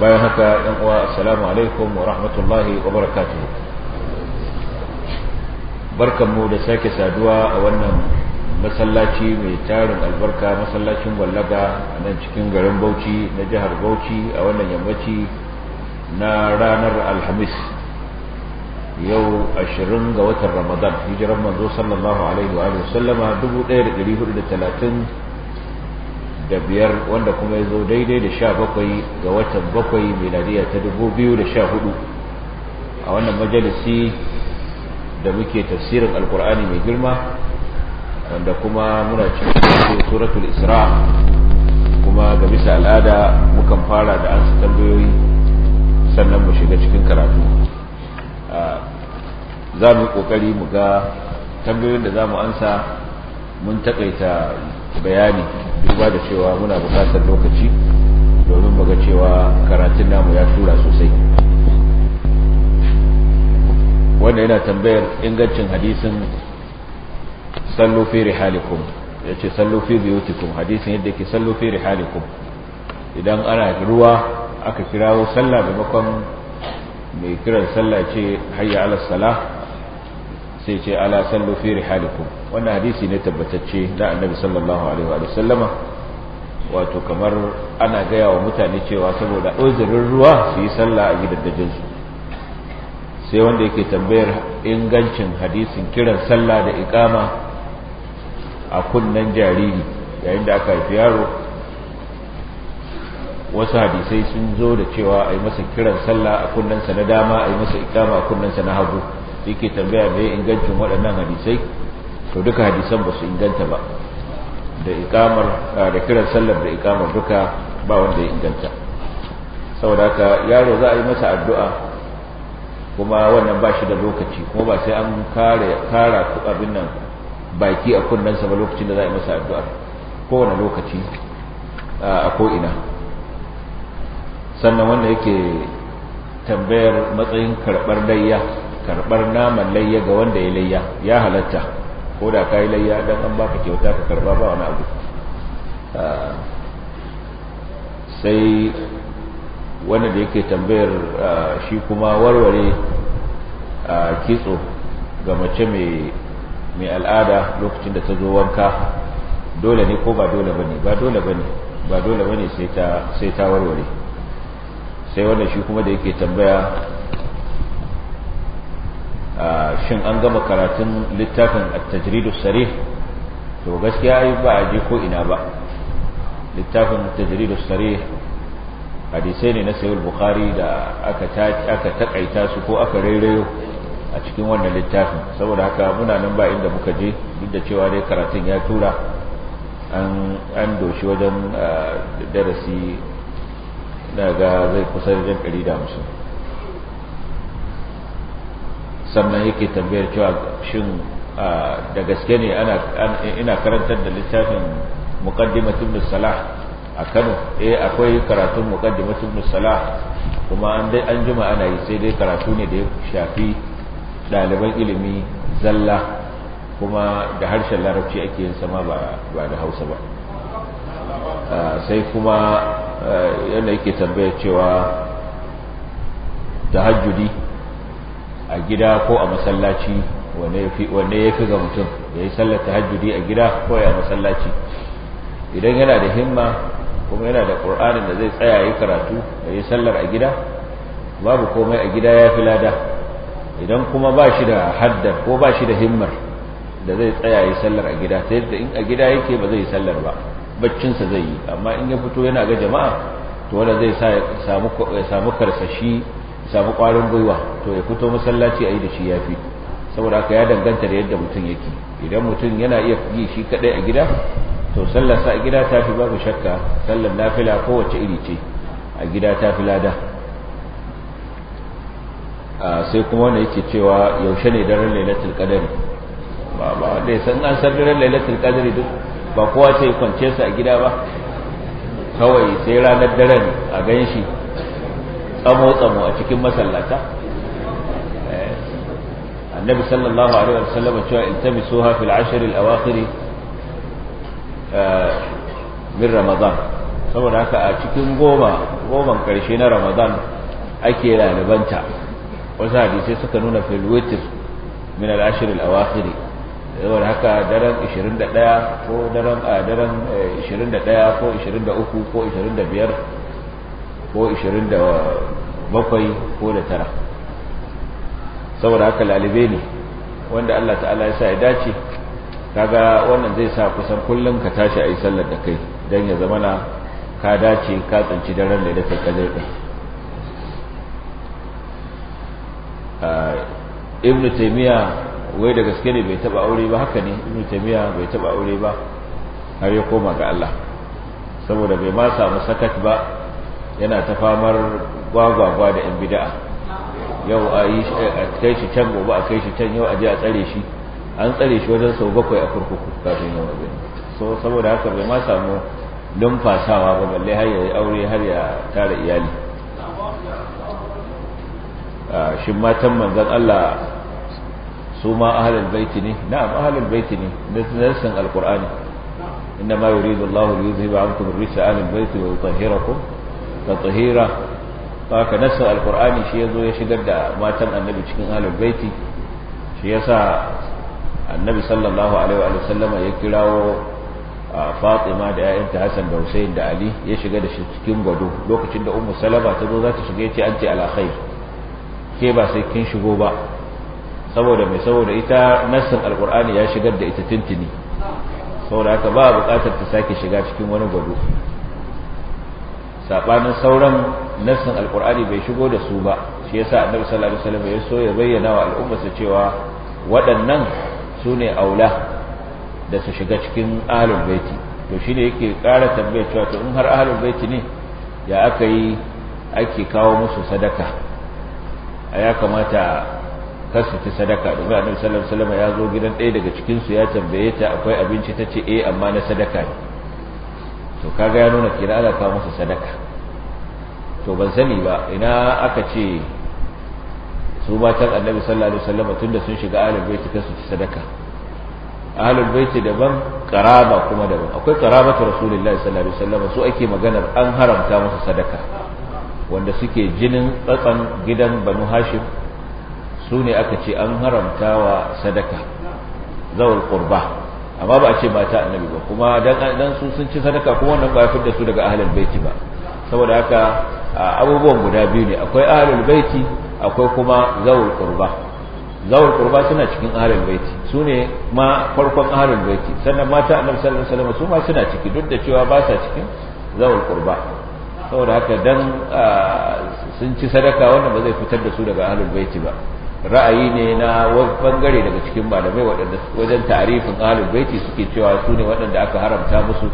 bayan haka yan uwa assalamu alaikum wa rahmatullahi wa barakatuhu barkanmu da sake saduwa a wannan masallaci mai tarin albarka masallacin wallaga a nan cikin garin Bauchi na jihar Bauchi a wannan yammaci na ranar Alhamis yau 20 ga watan Ramadan hijiran manzo sallallahu alaihi wa alihi wasallama 1430 da biyar wanda kuma ya zo daidai da sha bakwai ga watan bakwai miladiya ta dubu biyu da sha hudu a wannan majalisi da muke tafsirin alkur'ani mai girma wanda kuma muna cikin suratul isra kuma ga bisa al'ada mukan fara da an tambayoyi sannan mu shiga cikin karatu za mu yi ƙoƙari mu ga tambayoyin da za mu ansa mun taƙaita bayani duba da cewa muna bukatar lokaci domin muga cewa karatun namu ya tura sosai wanda yana tambayar ingancin hadisin sallu fi rihalikum yace sallu fi hadisin yadda yake sallu fi rihalikum idan ana ruwa aka kirawo sallah da bakon mai kiran sallah ce hayya ala sai ce ala sallu fi rihalikum wannan hadisi ne tabbatacce na annabi sallallahu alaihi wa sallama wato kamar ana gaya wa mutane cewa saboda uzurin ruwa su yi sallah a gidaddajin su sai wanda yake tambayar ingancin hadisin kiran sallah da iqama a kunnen jariri yayin da aka haifi yaro wasu hadisai sun zo da cewa a yi masa kiran sallah a kunnensa na dama a yi masa ikama a kunnensa na hagu yake tambaya mai ingancin waɗannan hadisai to duka hadisan ba su inganta ba da ikamar ah, da kiran sallar da ikamar duka ba wanda ya inganta saboda haka yaro za a yi masa addu'a kuma wannan ba shi da lokaci kuma ba sai an kare kara abin nan baki a kunnensa ba lokacin da za a yi masa addu'a kowane lokaci ah, a ko'ina sannan wanda yake tambayar matsayin karɓar layya karbar naman layya ga wanda ya layya ya halatta ko da kai layya dan an baka kyauta ka karba ba wani abu ah, sai wanda da yake tambayar ah, shi kuma warware ah, kitso ga mace mai al'ada lokacin da ta zo wanka dole ne ko ba dole bane ba dole bane ba dole bane sai ta warware sai wannan shi kuma da yake tambaya shin an gama karatun littafin at-tajridus sarih to gaskiya ai ba a je ko ina ba littafin at sare hadisai ne na sayyid bukhari da aka aka takaita su ko aka rairayo a cikin wannan littafin saboda haka muna nan ba inda muka je duk da cewa dai karatun ya tura an doshi wajen darasi daga zai kusa da 150 sannan yake tambayar cewa shin da gaske ne ina karantar da littafin muqaddimatu ibn salah a Kano eh akwai karatun muqaddimatu ibn salah kuma an dai an jima ana yi sai dai karatu ne da ya shafi ɗaliban ilimi zalla kuma da harshen larabci ake yin sama ba da hausa ba sai kuma yadda yake tambayar cewa tahajjudi a gida ko a masallaci wanne ya fi ga mutum ya yi sallata hajjudi a gida ko ya masallaci idan yana da himma kuma yana da ƙur'anin da zai tsaya yi karatu ya yi sallar a gida babu komai a gida ya fi lada idan kuma ba shi da haddar ko ba shi da himmar da zai tsaya yi sallar a gida sai da in a gida yake ba zai yi sallar ba baccinsa zai yi amma in ya fito yana ga jama'a to wanda zai samu karsashi samu kwarin gwiwa to ya fito masallaci a yi da shi ya fi saboda aka ya danganta da yadda mutum yake idan mutum yana iya yi shi kaɗai a gida to sallarsa a gida ta fi babu shakka sallar nafila kowace iri ce a gida ta fi lada sai kuma wanda yake cewa yaushe ne daren lailatul qadari ba ba dai san an san daren lailatul qadari duk ba kowa sai kwance sa a gida ba kawai sai ranar daren a gan shi. tsamo-tsamo a cikin masallata eh, annabi sallallahu alaihi wasallam cewa iltamisuha fil ashr al awakhir eh, min ramadan saboda haka a cikin goma goman karshe na ramadan ake lalibanta wasu hadisai suka nuna fil witr min al ashr al saboda haka daren 21 ko daren a eh, daren 21 ko 23 ko 25 ko 27 ko da tara saboda haka lalibe ne wanda Allah ta'ala ya sa ya dace kaga wannan zai sa kusan kullum ka tashi a yi sallar da kai don ya zama na ka dace ka tsanci daren da ta kadar ɗin ah, ibn taimiyya wai da gaske ne bai taba aure ba haka ne ibn taimiyya bai taba aure ba har ya koma ga Allah saboda bai ma samu sakat ba yana ta famar gwagwagwa da yan bida'a yau a yi a kai shi can gobe a kai shi can yau a je a tsare shi an tsare shi wajen sau bakwai a kurkuku kafin yau abin so saboda haka bai ma samu lumfasawa ba balle har ya aure har ya tara iyali shin matan manzon Allah su ma ahlul baiti ne na'am ahlul baiti ne nasin alqur'ani inna ma yuridu Allahu liyuzhiba ankum ar-rijsa ahlul baiti wa yutahhirakum tathira ba ka nassar alkur'ani shi ya zo ya shigar da matan annabi cikin ahlul baiti shi ya sa annabi sallallahu alaihi wa sallama ya kirawo fatima da ya'yanta hassan da hussein da ali ya shiga da shi cikin gwado lokacin da ummu salama ta zo za ta shiga ya ce an ce alakhair ke ba sai kin shigo ba saboda mai saboda ita nassin alkur'ani ya shigar da ita tintini saboda haka ba buƙatar ta sake shiga cikin wani gwado sabanin sauran nassin alkur'ani bai shigo da su ba shi yasa annabi sallallahu alaihi wasallam ya so ya bayyana wa al'ummarsa cewa waɗannan sune aula da su shiga cikin ahlul baiti to shine yake ƙara tambaya cewa to in har ahlul baiti ne ya aka yi ake kawo musu sadaka a ya kamata kasu ta sadaka domin annabi sallallahu alaihi wasallam ya zo gidan ɗaya daga cikin su ya tambaye ta akwai abinci ta ce eh amma na sadaka ne to kaga ya nuna kira ana kawo masa sadaka to ban sani ba ina aka ce su matan annabi sallallahu alaihi wasallam tunda sun shiga ahlul baiti kan su sadaka ahlul baiti daban karaba kuma daban akwai karabatu rasulullahi sallallahu alaihi wasallam su ake maganar an haramta masa sadaka wanda suke jinin tsatsan gidan banu hashim su ne aka ce an haramta wa sadaka zawul qurba amma ba a ce mata annabi ba kuma dan su sun ci sadaka kuma wannan ba ya da su daga ahlul baiti ba saboda haka abubuwan guda biyu ne akwai ahlul baiti akwai kuma zawul qurba zawul qurba suna cikin ahlul baiti sune ma farkon ahlul baiti sannan mata annabi sallallahu alaihi wasallam su ma suna ciki duk da cewa ba sa cikin zawul qurba saboda haka dan sun ci sadaka wannan ba zai fitar da su daga ahlul baiti ba ra'ayi ne na wani bangare daga cikin malamai waɗanda wajen tarifin ahlul baiti suke cewa su ne waɗanda aka haramta musu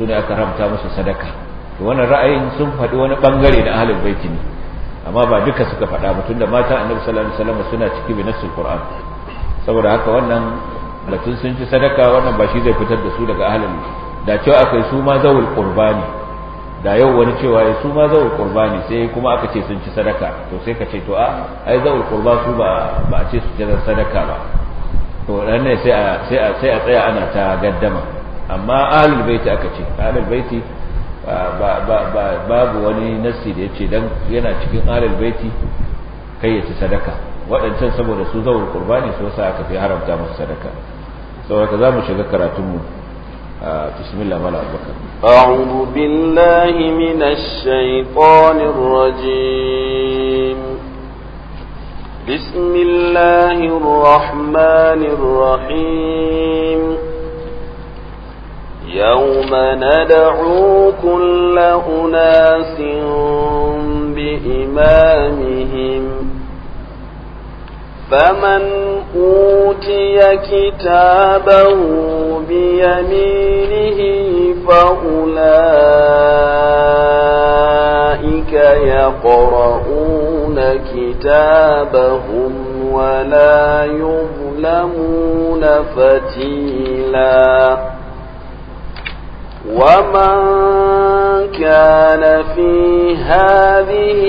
su ne aka haramta musu sadaka to wannan ra'ayin sun faɗi wani bangare na ahalin baiti ne amma ba duka suka faɗa ba tunda mata annabi sallallahu alaihi wasallam suna ciki bi nassul qur'an saboda haka wannan batun sun ci sadaka wannan ba shi zai fitar da su daga ahlul da cewa akai su ma zawul qurbani da yau wani cewa ya su ma zawul qurba ne sai kuma aka ce sun ci sadaka to sai ka ce to a ah, ai zawul qurba su ba ba a ce su ci sadaka ba to dan ne sai a sai a sai a tsaya ana ta gaddama amma ahlul baiti aka ce ahlul baiti ba ba ba babu wani nassi da yace dan yana cikin ahlul baiti kai ya ci sadaka waɗancan saboda su zawul qurba ne su sa aka fi haramta musu sadaka saboda za mu shiga karatunmu آه، بسم الله ولا أبكر أعوذ بالله من الشيطان الرجيم بسم الله الرحمن الرحيم يوم ندعو كل أناس بإمامهم فمن أوتي كتابه بيمينه فأولئك يقرؤون كتابهم ولا يظلمون فتيلاً ومن كان في هذه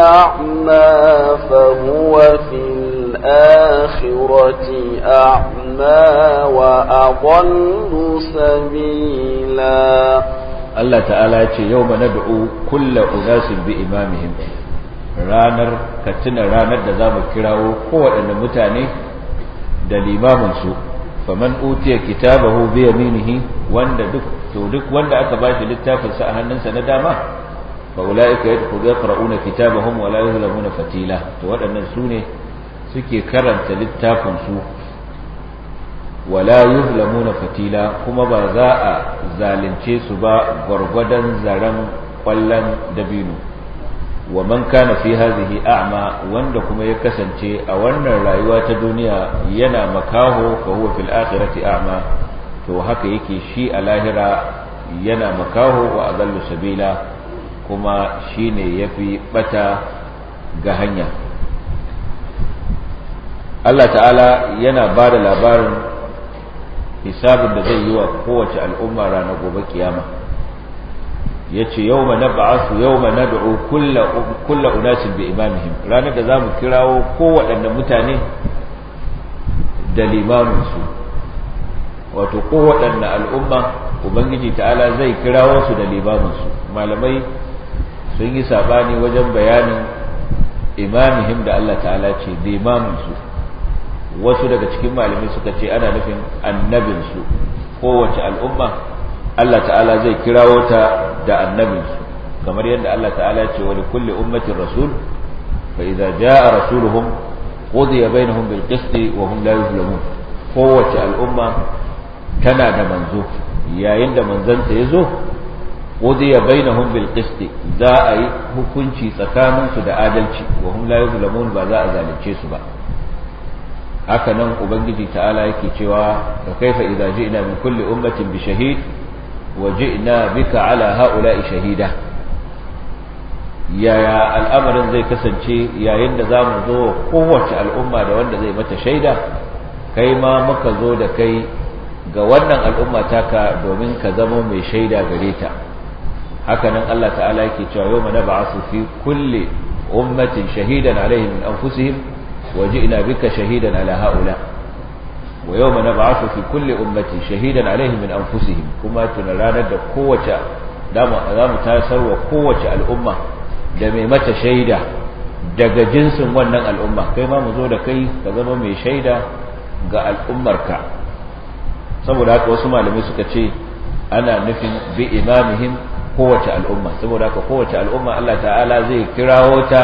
أعمى فهو في الآخرة أعمى وأضل سبيلا الله تعالى يوم ندعو كل أناس بإمامهم رانر كتن رانر دزام الكراو قوة أن kirawo دل إمام سوء faman utiya kitabahu bi yaminihi wanda duk to duk wanda aka bashi littafin sa a hannunsa na dama fa ulaika yaqra'una kitabahum wa la yuzlamuna fatila to waɗannan su ne suke karanta littafin su wa la yuzlamuna fatila kuma ba za a zalunce su ba gwargwadon zaren kwallon dabino wa man kana fi hadhihi a'ma wanda kuma ya kasance a wannan rayuwa ta duniya yana makaho fa huwa fil akhirati a'ma to haka yake shi a lahira yana makaho wa adallu sabila kuma shine yafi bata ga hanya Allah ta'ala yana ba da labarin hisabin da zai yi wa kowace al'umma ranar gobe kiyama yace yawma nab'asu yawma nad'u kullu kullu unasin bi imamihim ranar da zamu kirawo kowaɗanne mutane da limaninsu wato kowaɗanne al'umma ubangiji ta'ala zai kirawo su da limaninsu malamai sun yi sabani wajen bayanin imamihim da Allah ta'ala ce limaminsu wasu daga cikin malamai suka ce ana nufin annabinsu kowace al'umma Allah ta'ala zai kirawo ta da annabi kamar yadda Allah ta'ala ya ce wani kulle ummatin rasul fa idza jaa rasuluhum qudiya bainahum bil qisti wa hum la yuzlamun kowace al'umma tana da manzo yayin da manzanta ya zo qudiya bainahum bil qisti za a yi hukunci tsakaninsu da adalci wa hum la yuzlamun ba za a zalunce su ba haka nan ubangiji ta'ala yake cewa fa kaifa idza ji'na min kulli ummatin bi shahid وجئنا bika على هؤلاء shahida? yaya al'amarin zai kasance yayin da za mu zo kowace al'umma da wanda zai mata shaida kai ma muka zo da kai ga wannan al'umma taka domin ka zama mai shaida gare ta hakanan Allah ta'ala yake cewa yau mana ba su fi kulle ummatin shahidan alaihim min anfusihim waje ina bika shahidan ala ha'ula wa yawma nab'athu fi kulli ummatin shahidan alaihim min anfusihim kuma tuna ranar da kowace za mu tasarwa kowace al'umma da mai mata shaida daga jinsin wannan al'umma kai ma mu zo da kai ka zama mai shaida ga al'ummarka saboda haka wasu malamai suka ce ana nufin bi imamihim kowace al'umma saboda haka kowace al'umma Allah ta'ala zai kirawo ta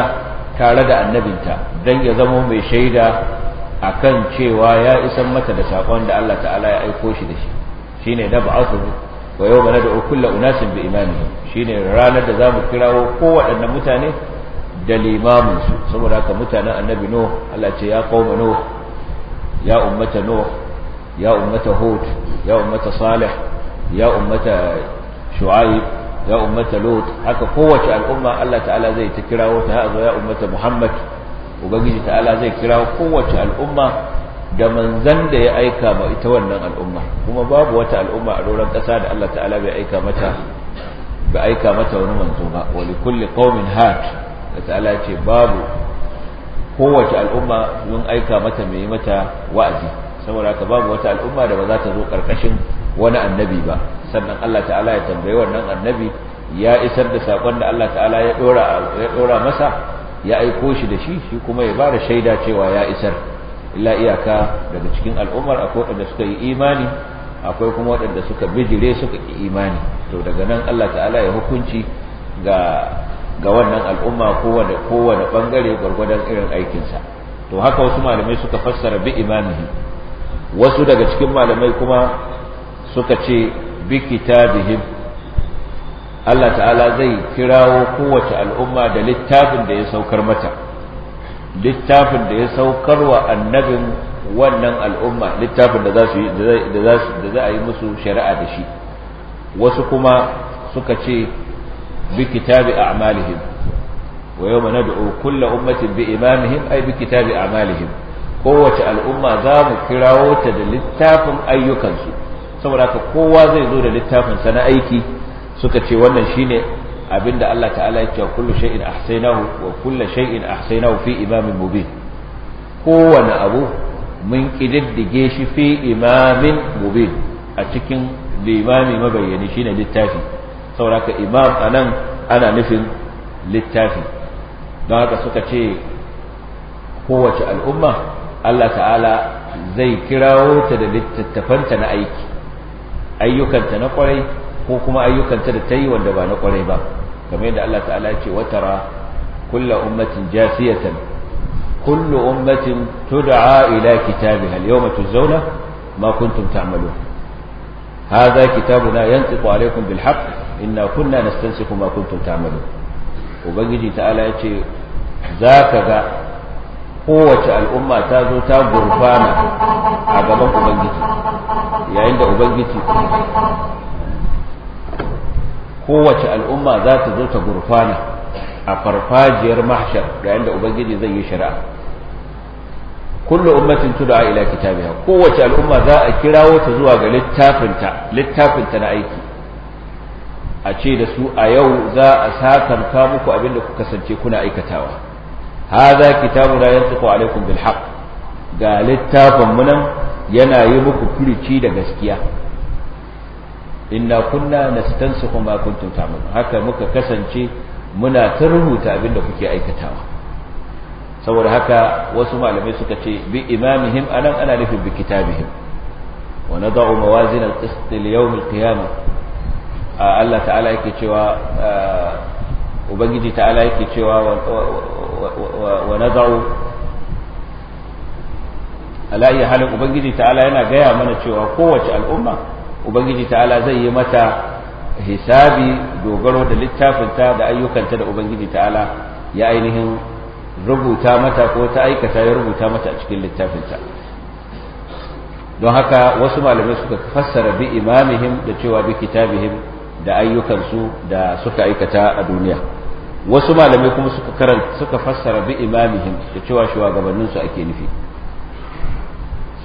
tare da annabinta don ya zama mai shaida akan cewa ya isan mata da sakon da Allah ta'ala ya aiko shi da shi shine da ba'athu wa yawma nad'u kulla unasin bi imamihim shine ranar da zamu kirawo kowaɗannan mutane da limaminsu saboda haka mutanen annabi no Allah ce ya qauma no ya ummata no ya ummata hud ya ummata salih ya ummata shu'aib ya ummata lut haka kowace al'umma Allah ta'ala zai ta kirawo ta hazo ya ummata muhammad ubangiji ta'ala zai kira kowace al'umma da manzan da ya aika ma ita wannan al'umma kuma babu wata al'umma a doron ƙasa da Allah ta'ala bai aika mata bai aika mata wani manzo ba wa li kulli qaumin hat da ta'ala ce babu kowace al'umma mun aika mata mai mata wa'azi saboda haka babu wata al'umma da ba za ta zo karkashin wani annabi ba sannan Allah ta'ala ya tambaye wannan annabi ya isar da sakon da Allah ta'ala ya dora ya dora masa ya aiko shi da shi shi kuma ya bada shaida cewa ya isar illa iyaka daga cikin al'ummar akwai waɗanda suka yi imani akwai kuma waɗanda suka bijire suka ki imani to daga nan Allah ta'ala ya hukunci ga ga wannan al'umma ko kowane bangare gwargwadon irin aikin sa to haka wasu malamai suka fassara bi imanihi wasu daga cikin malamai kuma suka ce bi kitabihim Allah ta'ala zai kirawo kowace al'umma da littafin da ya saukar mata littafin da ya saukar wa annabin wannan al'umma littafin da za a yi musu shari'a da shi wasu kuma suka ce bi kitabi a'malihim wa yawma da'o kulla ummatin bi imamihim ai bi kitabi a'malihim kowace al'umma za mu kirawo ta da littafin ayyukansu saboda haka kowa zai zo da littafin sana aiki suka ce wannan shine abinda Allah ta'ala ya ce kullu shay'in ahsaynahu wa kullu shay'in ahsaynahu fi imamin mubin kowane abu mun kididdige shi fi imamin mubin a cikin limami mabayyani shine littafi sauraka imam anan ana nufin littafi don haka suka ce kowace al'umma Allah ta'ala zai kirawo ta da littattafanta na aiki ayyukanta na kwarai ko kuma ayyukanta da ta yi wanda ba na kwarai ba kamar yadda Allah ta'ala ya ce watara kullu ummatin jasiyatan kullu ummatin tud'a ila kitabiha al-yawma tuzawna ma kuntum ta'malun hadha kitabuna yantiqu alaykum bil haqq inna kunna nastansikhu ma kuntum ta'malun ubangiji ta'ala ya ce zaka ga kowace al'umma ta zo ta gurfana a gaban ubangiji yayin da ubangiji kowace al'umma za ta zo ta gurfana a farfajiyar mahshar da yadda ubangiji zai yi shari'a kullu ummatin tud'a ila kitabiha kowace al'umma za a kirawo ta zuwa ga littafinta littafinta na aiki a ce da su a yau za a sakanka muku abinda da kuka kasance kuna aikatawa kitabu na yantiqu alaikum bil haqq ga littafin munan yana yi muku firici da gaskiya inna kunna nastansikhu ma kuntum ta'malun haka muka kasance muna ta rubuta abin da kuke aikatawa saboda haka wasu malamai suka ce bi imamihim anan ana nufin bi kitabihim wa nad'u mawazin al-qist li yawm al-qiyamah Allah ta'ala yake cewa ubangiji ta'ala yake cewa wa nad'u ala halin ubangiji ta'ala yana gaya mana cewa kowace al'umma ubangiji ta'ala zai yi mata hisabi dogaro da littafinta da ayyukanta da ubangiji ta'ala ya ainihin rubuta mata ko ta aikata ya rubuta mata a cikin littafinta don haka wasu malamai suka fassara bi imamihim da cewa bi kitabihim da ayyukansu da suka aikata a duniya wasu malamai kuma suka karanta suka fassara bi imamihim da cewa shugabanninsu ake nufi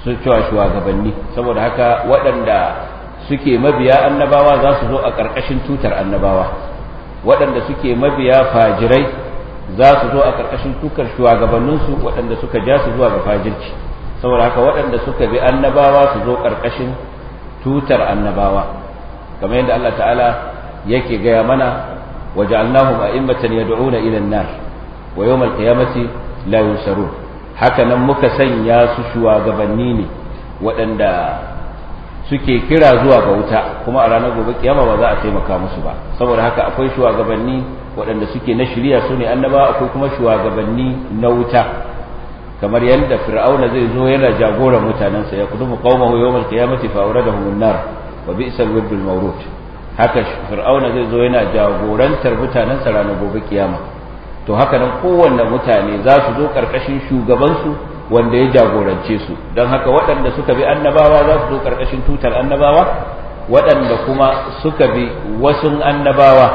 su cewa shugabanni saboda haka waɗanda suke mabiya annabawa za su zo a ƙarƙashin tutar annabawa waɗanda suke mabiya fajirai za su zo a ƙarƙashin tukar shugabanninsu waɗanda suka ja su zuwa ga fajirci saboda haka waɗanda suka bi annabawa su zo ƙarƙashin tutar annabawa kamar yadda Allah ta'ala yake gaya mana wa ja'alnahum a'immatan yad'una ila an-nar wa yawm al-qiyamati la yunsarun haka nan muka sanya su shugabanni ne waɗanda suke kira zuwa ga wuta kuma a ranar gobe kiyama ba za a taimaka musu ba saboda haka akwai shugabanni waɗanda suke na shirya su ne annaba akwai kuma shugabanni na wuta kamar yadda fir'auna zai zo yana jagoran mutanensa ya kudumu hu yawmal qiyamati fa awradahum an-nar wa bi'sal wirdul mawrud haka fir'auna zai zo yana jagorantar mutanensa ranar gobe kiyama to haka nan kowanne mutane za su zo karkashin shugabansu wanda ya jagorance su don haka waɗanda suka bi annabawa za su zo ƙarƙashin tutar annabawa waɗanda kuma suka bi wasu annabawa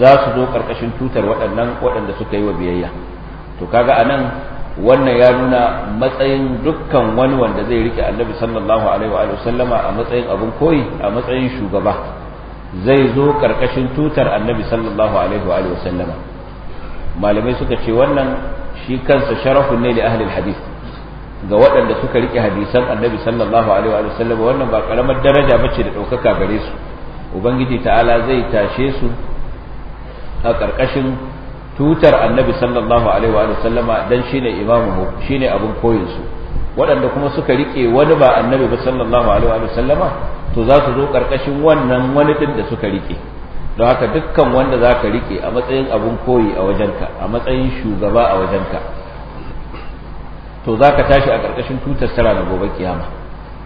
za su zo ƙarƙashin tutar waɗannan waɗanda suka yi wa biyayya to kaga anan wannan ya nuna matsayin dukkan wani wanda zai rike annabi sallallahu alaihi wa sallama a matsayin abin koyi a matsayin shugaba zai zo ƙarƙashin tutar annabi sallallahu alaihi wa sallama malamai suka ce wannan shi kansa sharafun ne da ahlul hadith ga waɗanda suka rike hadisan annabi sallallahu alaihi wa sallam wannan ba karamar daraja bace da ɗaukaka gare su ubangiji ta'ala zai tashe su a ƙarƙashin tutar annabi sallallahu alaihi wa sallama dan shine imamu shine abun koyin su waɗanda kuma suka riƙe wani ba annabi ba sallallahu alaihi wa sallama to za su zo ƙarƙashin wannan wani ɗin da suka riƙe. don haka dukkan wanda za ka riƙe a matsayin abun koyi a wajenka a matsayin shugaba a wajenka to za ka tashi a ƙarƙashin tutar sa na gobe kiyama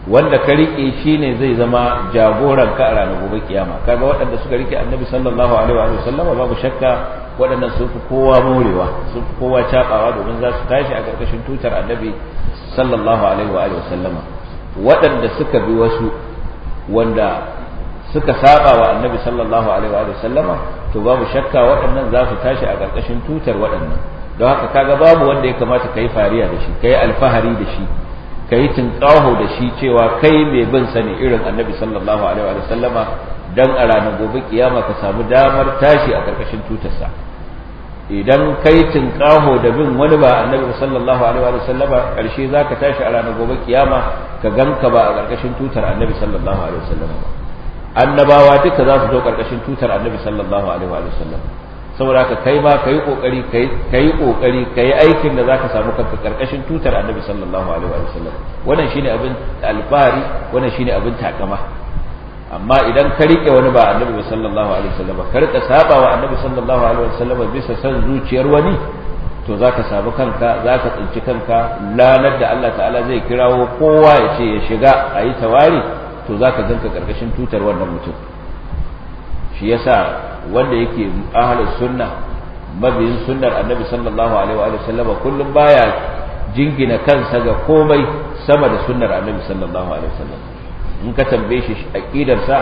wanda ka riƙe shi ne zai zama jagoran ka a ranar gobe kiyama kaga waɗanda suka riƙe annabi sallallahu alaihi wa sallama babu shakka waɗannan sun fi kowa morewa sun fi kowa caɓawa domin za su tashi a ƙarƙashin tutar annabi sallallahu alaihi wa sallama waɗanda suka bi wasu wanda suka saba wa annabi sallallahu alaihi wa sallama to babu shakka waɗannan za su tashi a ƙarƙashin tutar waɗannan don haka kaga babu wanda ya kamata ka yi fariya da shi ka yi alfahari da shi ka yi tunƙaho da shi cewa kai mai bin sani irin annabi sallallahu alaihi wa sallama dan a ranar gobe kiyama ka samu damar tashi a ƙarƙashin tutarsa idan kai tunƙaho da bin wani ba annabi sallallahu alaihi wa sallama ƙarshe za ka tashi a ranar gobe kiyama ka ganka ba a ƙarƙashin tutar annabi sallallahu alaihi wa sallama annabawa duka za su zo ƙarƙashin tutar annabi sallallahu alaihi wa sallama saboda ka kai ma ka kai kokari kai kai kokari yi aikin da zaka samu kanka karkashin tutar annabi sallallahu alaihi wa sallam wannan shine abin alfahari wannan shine abin takama amma idan ka rike wani ba annabi sallallahu alaihi wa sallam ka rika saba wa annabi sallallahu alaihi wa sallam bisa san zuciyar wani to zaka samu kanka zaka tsinci kanka lanar da Allah ta'ala zai kirawo kowa ya ce ya shiga ayi tawari to zaka ganka karkashin tutar wannan mutum shi yasa wanda yake ahlus sunna mabiyin sunnar annabi sallallahu alaihi wa sallam kullum baya jingina kansa ga komai sama da sunnar annabi sallallahu alaihi wa sallam in ka tambaye shi aqidar sa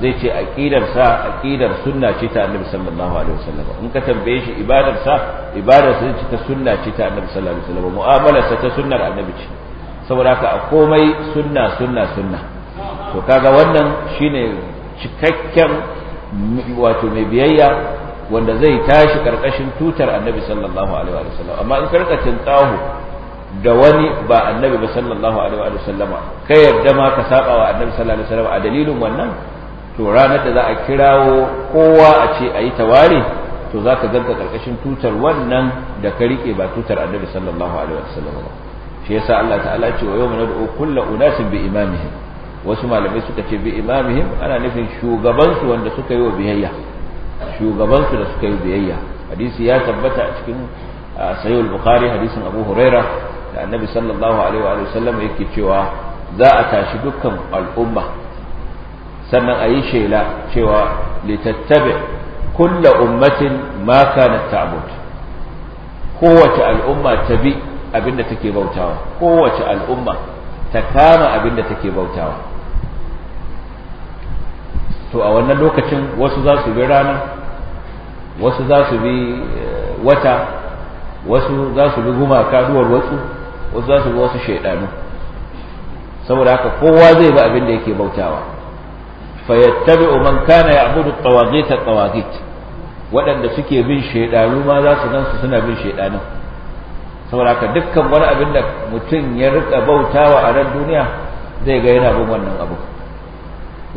zai ce aqidar sa aqidar sunna ce ta annabi sallallahu alaihi wa sallam in ka tambaye shi ibadar sa ibadar sa ce ta sunna ce ta annabi sallallahu alaihi wa sallam mu'amalar sa ta sunnar annabi ce saboda haka a komai sunna sunna sunna to kaga wannan shine cikakken wato mai biyayya wanda zai tashi karkashin tutar annabi sallallahu alaihi wa sallam amma in karka tintahu da wani ba annabi ba sallallahu alaihi wa sallam kai yarda ma ka saba wa annabi sallallahu alaihi wa sallam a dalilin wannan to ranar da za a kirawo kowa a ce ayi tawari to za ka ganka karkashin tutar wannan da ka rike ba tutar annabi sallallahu alaihi wa sallam ba shi yasa Allah ta'ala ce wa yawma nad'u kullu unasin bi imamihim wasu malamai suka ce bi imamihim ana nufin shugabansu wanda suka yi wa biyayya shugabansu da suka yi biyayya hadisi ya tabbata a cikin sahih al-bukhari hadisin abu huraira da annabi sallallahu alaihi wa sallam yake cewa za a tashi dukkan al'umma sannan a yi shela cewa litattabi kulla ummatin ma kanat ta'bud kowace al'umma ta bi abinda take bautawa kowace al'umma ta kama abin da take bautawa to a wannan lokacin wasu za su bi rana wasu za su bi eh, wata wasu za su bi gumaka duwar wasu wasu za su bi wasu shaidanu saboda haka kowa zai bi abin da yake bautawa fayattabi'u man kana ya'budu at-tawaghit at-tawaghit waɗanda suke bin shaidanu ma za su su suna bin shaidanun saboda ka dukkan wani abin da mutum ya rika bautawa a ran duniya zai ga yana bin wannan abu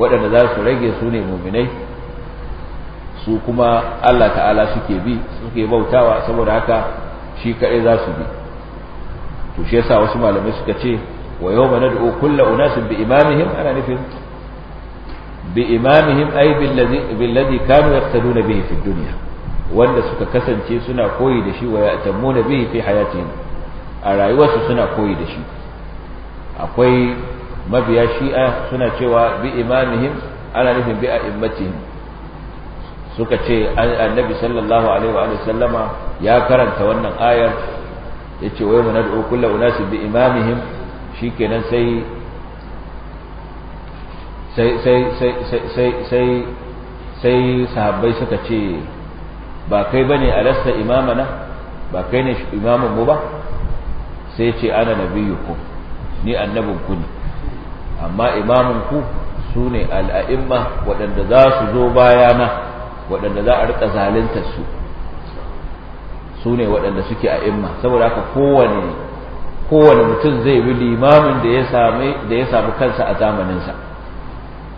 waɗanda za su rage su ne muminai su kuma Allah ta'ala suke bi suke bautawa saboda haka shi kaɗai za su bi to shi yasa wasu malamai suka ce wa yau mana da'o kulla unasin bi imamihim ana nufin bi imamihim ai billazi kanu yaqtaduna bihi fid dunya wanda suka kasance suna koyi da shi wa ya'tamuna bihi fi hayatihim a rayuwarsu suna koyi da shi akwai mabiya shi'a suna cewa bi imamihim ana nufin bi a'immatihim suka ce annabi sallallahu alaihi wa sallama ya karanta wannan ayar yace wai yamna da'u kullu unasin bi imamihim shikenan sai sai sai sai sai sai sai sahabbai suka ce ba kai bane alasta imamana ba kai ne imamun mu ba sai ce ana nabiyukum ni annabin ku ne amma imamin ku su ne al'a'imma waɗanda za su zo bayana waɗanda za a rika zalinta su su ne waɗanda suke a'imma saboda haka kowane mutum zai bi limamin da ya samu kansa a zamaninsa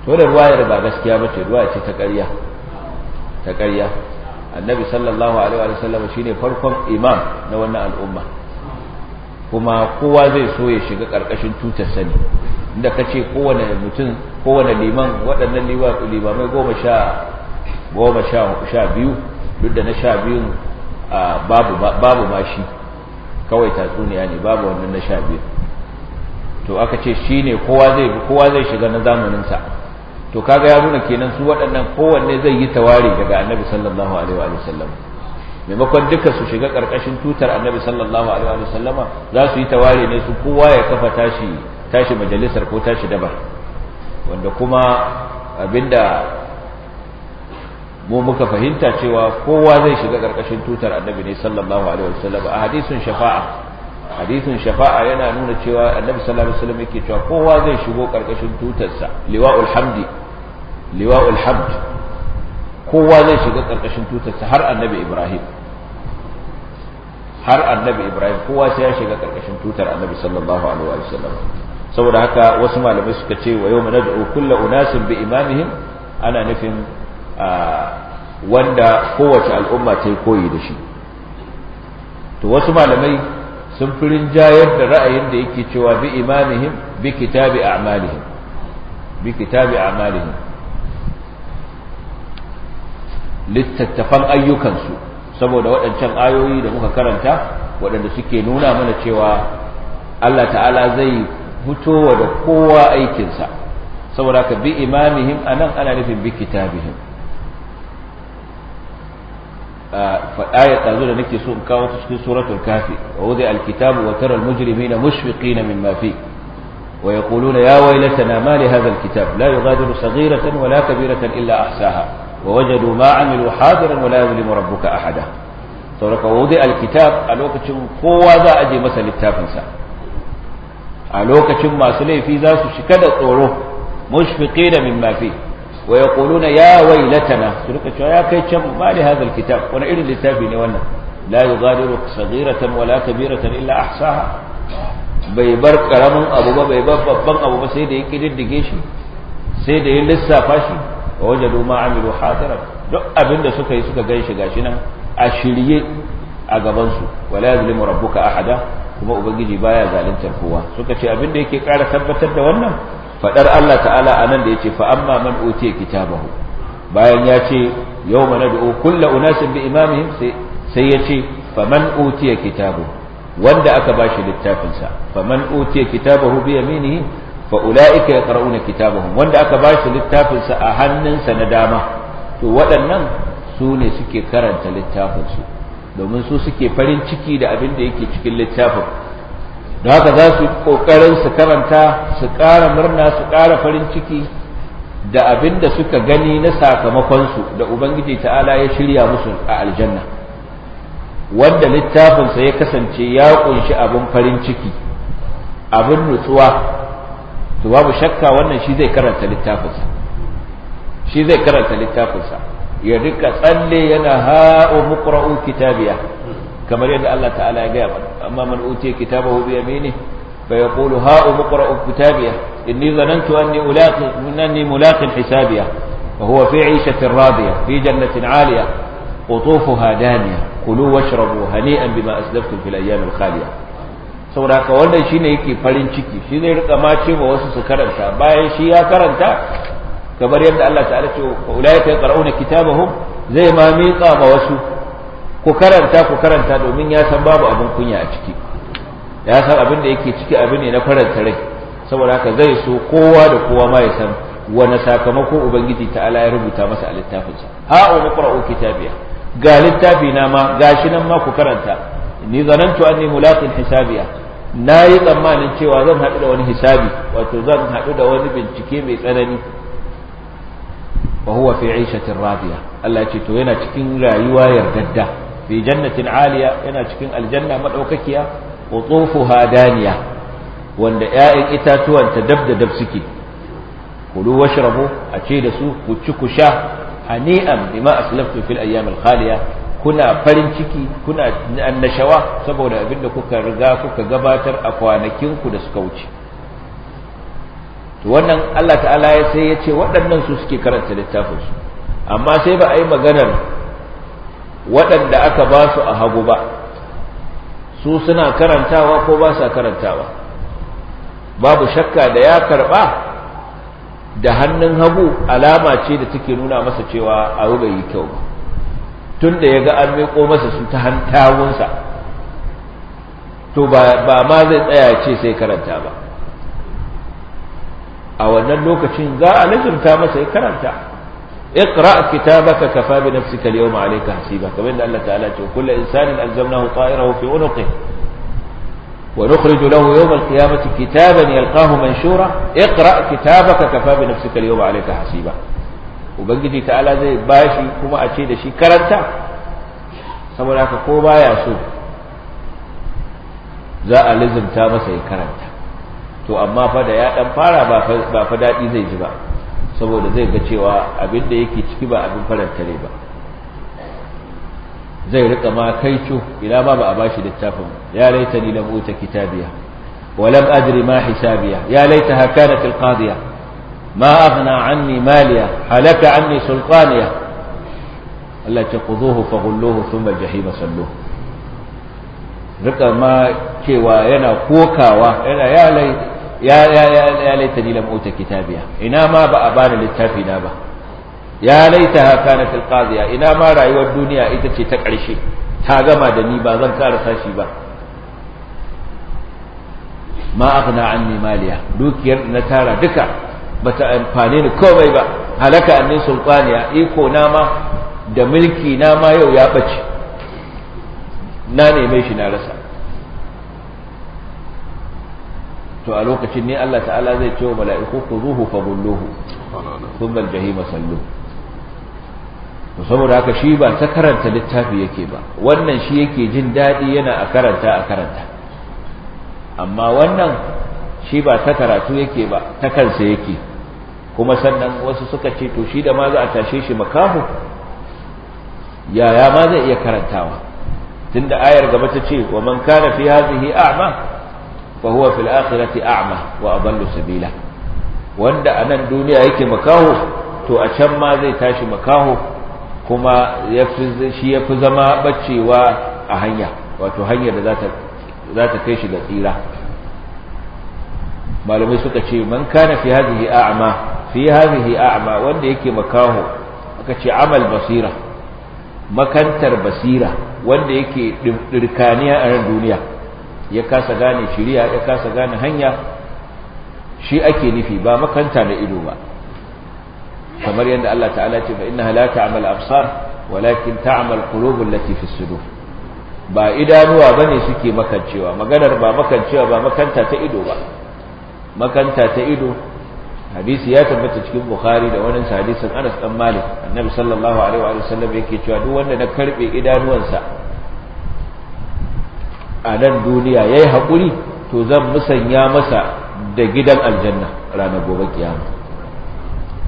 to da ruwayar ba gaskiya ba ce ruwa ce ta ƙarya annabi sallallahu alaihi wa sallam shine farkon imam na wannan al'umma kuma kowa zai so ya shiga karkashin tutar sani inda kace kowane mutum kowane liman waɗannan limamai goma sha goma sha biyu duk da na sha biyu babu shi kawai tatsuniya ne babu wannan na sha biyu to aka ce kowa zai kowa zai shiga na zamanin sa. to kaga ya nuna kenan su waɗannan kowanne zai yi tawari daga annabi sallallahu alaihi wa sallam maimakon duka su shiga ƙarƙashin tutar annabi sallallahu alaihi wa sallama za su yi tawari ne su kowa ya kafa tashi tashi majalisar ko tashi dabar wanda kuma abinda mu muka fahimta cewa kowa zai shiga ƙarƙashin tutar annabi ne sallallahu alaihi wa sallam a hadisin shafa'a hadisin shafa'a yana nuna cewa annabi sallallahu alaihi wa sallam yake cewa kowa zai shigo ƙarƙashin tutarsa liwa'ul hamdi liwa'ul hamd kowa zai shiga karkashin tutarsa har annabi ibrahim har annabi ibrahim kowa sai ya shiga ƙarƙashin tutar annabi sallallahu alaihi wa sallam saboda haka wasu malamai suka ce wa yau nad'u kullu unasin bi imamihim ana nufin wanda kowace al'umma ta yi koyi da shi to wasu malamai sun fi rinjayar da ra'ayin da yake cewa bi imamihim bi kitabi a'malihim bi kitabi a'malihim littattafan ayyukansu saboda waɗancan ayoyi da muka karanta waɗanda suke nuna mana cewa Allah ta'ala zai fitowa da kowa aikinsa saboda ka bi imamihim a nan ana nufin bi kitabihim ayat tazo da nake so in kawo ta cikin suratul kafi wa wudi alkitabu wa na almujrimina mushfiqina mimma fi wa yaquluna ya wailata na li hadha alkitab la yughadiru saghiratan wala la kabiratan illa ahsaha wa wajadu ma amilu hadiran wa la yuzlimu rabbuka ahada sauraka wudi alkitab a lokacin kowa za a je masa littafinsa a lokacin masu laifi za su shiga da tsoro mushfiqina mimma fi wa yaquluna ya waylatana su rika cewa ya kai can ba da hadal kitab wani irin littafi ne wannan la yughadiru saghiratan wala kabiratan illa ahsaha bai bar karamin abu ba bai bar babban abu ba sai da ya kididdige shi sai da ya lissafa shi wa wajadu ma amilu hadiran duk abinda suka yi suka ganshi gashi nan a shirye a gaban su wala yazlimu rabbuka ahada kuma ubangiji baya zaluntar kowa suka ce abinda yake kara tabbatar da wannan fadar Allah ta'ala anan da yace fa amma man utiya kitabahu bayan ya ce yawma nad'u kullu unasin bi imamihim sai ya ce faman utiya kitabahu wanda aka bashi littafinsa faman utiya kitabahu bi yaminihi fa ulaika yaqra'una kitabahum wanda aka ba shi littafin sa a hannunsa na dama to waɗannan su ne suke karanta littafin su domin su suke farin ciki da abin da yake cikin littafin don haka za su kokarin su karanta su ƙara murna su ƙara farin ciki da abin da suka gani na sakamakonsu da ubangiji ta'ala ya shirya musu a aljanna wanda littafinsa ya kasance ya kunshi abin farin ciki abin nutsuwa to babu shakka wannan shi zai karanta littafinsa shi zai karanta littafinsa ya rika tsalle yana ha'o muqra'u kitabiya kamar yadda Allah ta'ala ya ga amma man uti kitabahu bi yamini fa yaqulu ha'o muqra'u kitabiya inni zanantu anni ulaqi anni mulaqin hisabiya fa huwa fi 'ishatin radiya fi jannatin 'aliya قطوفها دانية كلوا واشربوا هنيئا بما أسلفتم في الأيام الخالية saboda ka wannan shine yake farin ciki shi zai rika ma cewa wasu su karanta bayan shi ya karanta kamar yadda Allah ta'ala ce wa ulaika yaqra'una kitabahum zai ma miƙa ma wasu ku karanta ku karanta domin ya san babu abin kunya a ciki ya san abin da yake ciki abin ne na faranta rai saboda haka zai so kowa da kowa ma ya san wani sakamako ubangiji ta'ala ya rubuta masa a littafinsa ha'u muqra'u kitabiya ga littafi na ma gashi nan ma ku karanta ni zanantu anni mulaqin hisabiya na yi tsammanin cewa zan haɗu da wani hisabi wato zan haɗu da wani bincike mai tsanani wa huwa fi aishatin radiya Allah ce to yana cikin rayuwa yardadda fi jannatin aliya yana cikin aljanna madaukakiya qutufuha daniya wanda 'ya'yan itatuwan ta dab da dab suke kulu washrabu a ce da su ku ci ku sha hani'an bima aslaftu fil ayyam al khaliya kuna farin ciki kuna annashawa saboda abinda kuka riga kuka gabatar a kwanakinku da suka wuce to wannan Allah ta'ala ya sai ya ce waɗannan su suke karanta littafinsu amma sai ba a yi maganar waɗanda aka ba su a hagu ba su suna karantawa ko ba sa karantawa babu shakka da ya karɓa da hannun hagu alama ce da take nuna masa cewa a ruga yi kyau tun da ya ga an miƙo masa su ta hantawunsa to ba ma zai tsaya ce sai karanta ba a wannan lokacin za a nazarta masa ya karanta iqra kitabaka kafa bi nafsika al-yawma alayka hasiba kamar da Allah ta'ala ce kullu insanin anzalnahu ta'irahu fi unuqi wa nukhriju lahu yawma al-qiyamati kitaban yalqahu manshura iqra kitabaka kafa bi nafsika al-yawma alayka hasiba ubangiji ta'ala zai bashi kuma a ce da shi karanta saboda haka ko baya so za a lizimta masa ya karanta to amma fa da ya dan fara ba fa daɗi zai ji ba saboda zai ga cewa abin da yake ciki ba abin faranta ne ba zai rika ma kai cu ila ma ba a bashi littafin ya laita ni lam uta kitabiya wa lam adri ma hisabiya ya laita na alqadiya ma aghna anni maliya halaka anni sultaniya Allah ce khudhuhu faghulluhu thumma jahima sallu rika ma cewa yana kokawa yana ya lai ya ya kitabiya ina ma ba a bani littafi na ba ya laita ha kana fil ina ma rayuwar duniya ita ce ta ƙarshe ta gama da ni ba zan karasa shi ba ma aghna anni maliya dukiyar na tara duka bata amfani ni komai ba halaka annin sulfaniya iko na ma da mulki na ma yau ya bace na neme shi na rasa to a lokacin ne Allah ta'ala zai ce wa mala'iku ku ruhu fa bulluhu thumma al-jahima sallu to saboda haka shi ba ta karanta littafi yake ba wannan shi yake jin daɗi yana a karanta a karanta amma wannan shi ba ta karatu yake ba ta kansa yake kuma sannan wasu suka ce to shi da ma za a tashe shi makahu yaya ma zai iya karantawa tunda ayar gaba ta ce wa man kana fi hadhihi a'ma fa huwa fil akhirati a'ma wa adallu sabila wanda a nan duniya yake makaho to a can ma zai tashi makaho kuma shi ya fi zama bacewa a hanya wato hanyar da za ta kai shi da tsira malamai suka ce man kana fi hadhihi a'ma fi hadhihi a'ma wanda yake makaho aka ce amal basira makantar basira wanda yake dirkaniya a ran duniya ya kasa gane shiriya ya kasa gane hanya shi ake nufi ba makanta na ido ba kamar yadda Allah ta'ala ce fa innaha la ta'mal absar walakin ta'mal qulubul lati fi sudur ba idanuwa bane suke makancewa maganar ba makancewa ba makanta ta ido ba makanta ta ido hadisi ya tabbata cikin bukhari da wani hadisin anas dan malik annabi sallallahu alaihi wa sallam yake cewa duk wanda na karbe idanuwansa a nan duniya yayi hakuri to zan musanya masa da gidan aljanna rana gobe kiyama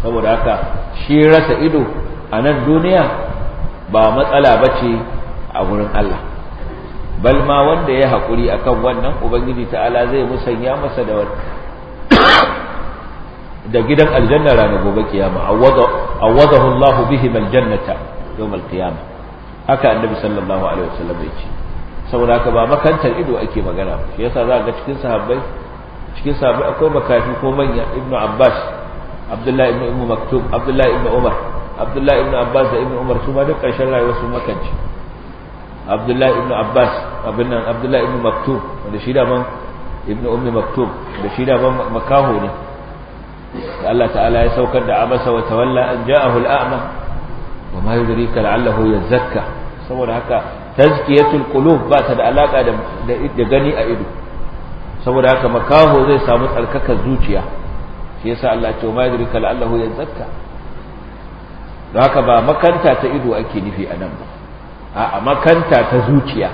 saboda haka shi rasa ido a nan duniya ba matsala bace a gurin Allah bal ma wanda ya hakuri akan wannan ubangiji ta'ala zai musanya masa da da gidan aljanna ranar gobe kiyama awwadahu Allah bihi mal jannata yawm al qiyama haka annabi sallallahu alaihi wasallam ya ce saboda haka ba makantar ido ake magana shi yasa za ga cikin sahabbai cikin sahabbai akwai makafi ko manya ibnu abbas abdullahi ibnu ummu maktub abdullahi ibnu umar abdullahi ibnu abbas da ibnu umar su ma duk karshen rayuwar su makanci abdullahi ibnu abbas abin nan abdullahi ibnu maktub wanda shi da man ibnu ummi maktub da shi da man makaho ne da Allah ta'ala ya saukar da abasa wa tawalla an ja'ahu al'ama wa ma yudrika la'allahu yazakka saboda haka tazkiyatul qulub ba ta da alaka da gani a ido saboda haka makaho zai samu tsarkakar zuciya shi yasa Allah ce ma yudrika la'allahu yazakka don haka ba makanta ta ido ake nufi a nan ba a makanta ta zuciya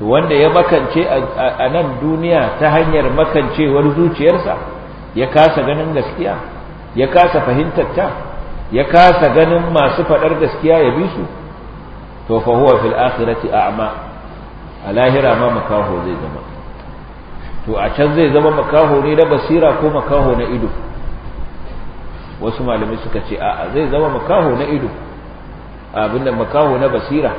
to wanda ya makance a nan duniya ta hanyar makancewar zuciyarsa ya kasa ganin gaskiya ya kasa fahimtar ta ya kasa ganin masu faɗar gaskiya ya bi su to fa huwa fil akhirati a'ma a lahira ma makaho zai zama to a can zai zama makaho ne na basira ko makaho na ido wasu malamai suka ce a'a zai zama makaho na ido abin da makaho na basira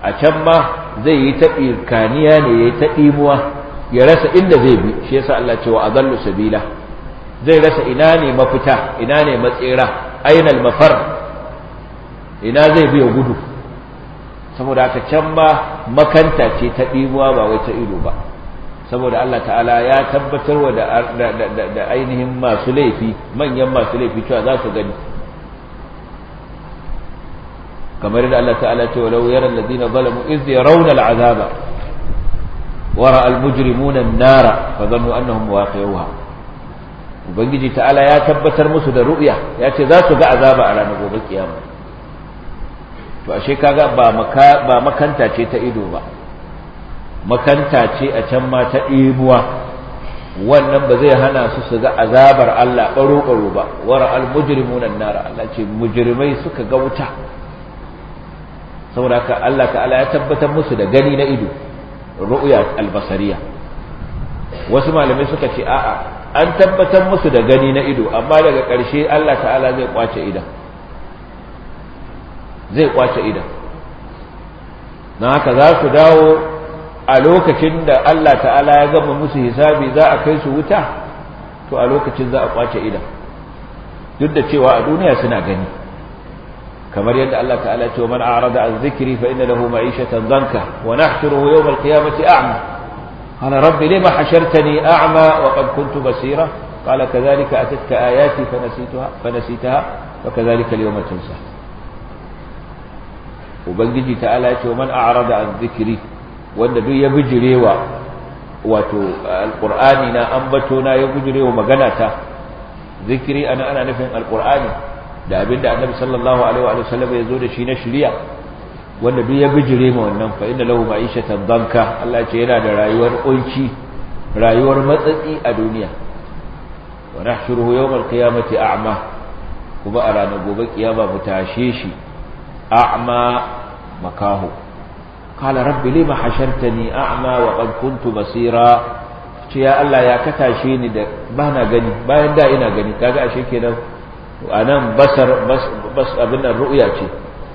a can ma zai yi taɓi kaniya ne ya yi taɓimuwa ya rasa inda zai bi shi yasa Allah cewa azallu sabila zai rasa ina ne mafita ina ne matsira ainal mafar ina zai bi ya gudu saboda haka can ma makanta ce ta ɗibuwa ba wai ta ido ba saboda Allah ta'ala ya tabbatar da da ainihin masu laifi manyan masu laifi cewa za su gani kamar yadda Allah ta'ala ce walau yara allazina zalamu iz yarawna al'azaba wara al-mujrimuna an-nara fa zannu annahum waqi'uha ubangiji ta'ala ya tabbatar musu da ru'ya ya ce za su ga azaba a ranar gobe kiyama to ashe kaga ba maka ba makanta ce ta ido ba makanta ce a can ma ta ɗimuwa wannan ba zai hana su su ga azabar Allah baro baro ba wara al-mujrimuna an-nara Allah ce mujrimai suka ga wuta saboda haka Allah ta'ala ya tabbatar musu da gani na ido ru'ya albasariya wasu malamai suka ce a'a an tabbatar musu da gani na ido amma daga ƙarshe Allah ta'ala zai kwace idan zai kwace idan na haka za su dawo a lokacin da Allah ta'ala ya gama musu hisabi za a kai su wuta to a lokacin za a kwace idan duk da cewa a duniya suna gani kamar yadda Allah ta'ala ce man a'rada an zikri fa inna lahu ma'ishatan danka wa nahshuruhu yawm al-qiyamati a'ma qala rabbi lima hashartani a'ma wa qad kuntu basira qala kadhalika atatka ayati fa nasituha fa nasitaha wa kadhalika al-yawma tunsa ubangiji ta'ala ce man a'rada an zikri wanda duk ya bijirewa wato alqur'ani na ambato na ya bijirewa magana ta zikri ana ana nufin alqur'ani da abinda annabi sallallahu alaihi wa sallam ya zo da shi na shari'a wanda duk ya bijire ma wannan fa inna lahu ma'ishatan danka Allah ce yana da rayuwar kunci rayuwar matsatsi a duniya wa nahshuruhu yawmal qiyamati a'ma kuma a ranar gobe kiyama mu tashe shi a'ma makahu qala rabbi lima hashartani a'ma wa qad kuntu basira ce ya Allah ya katashe ni da bana gani bayan da ina gani kaga ashe kenan a nan basar bas abin ru'ya ce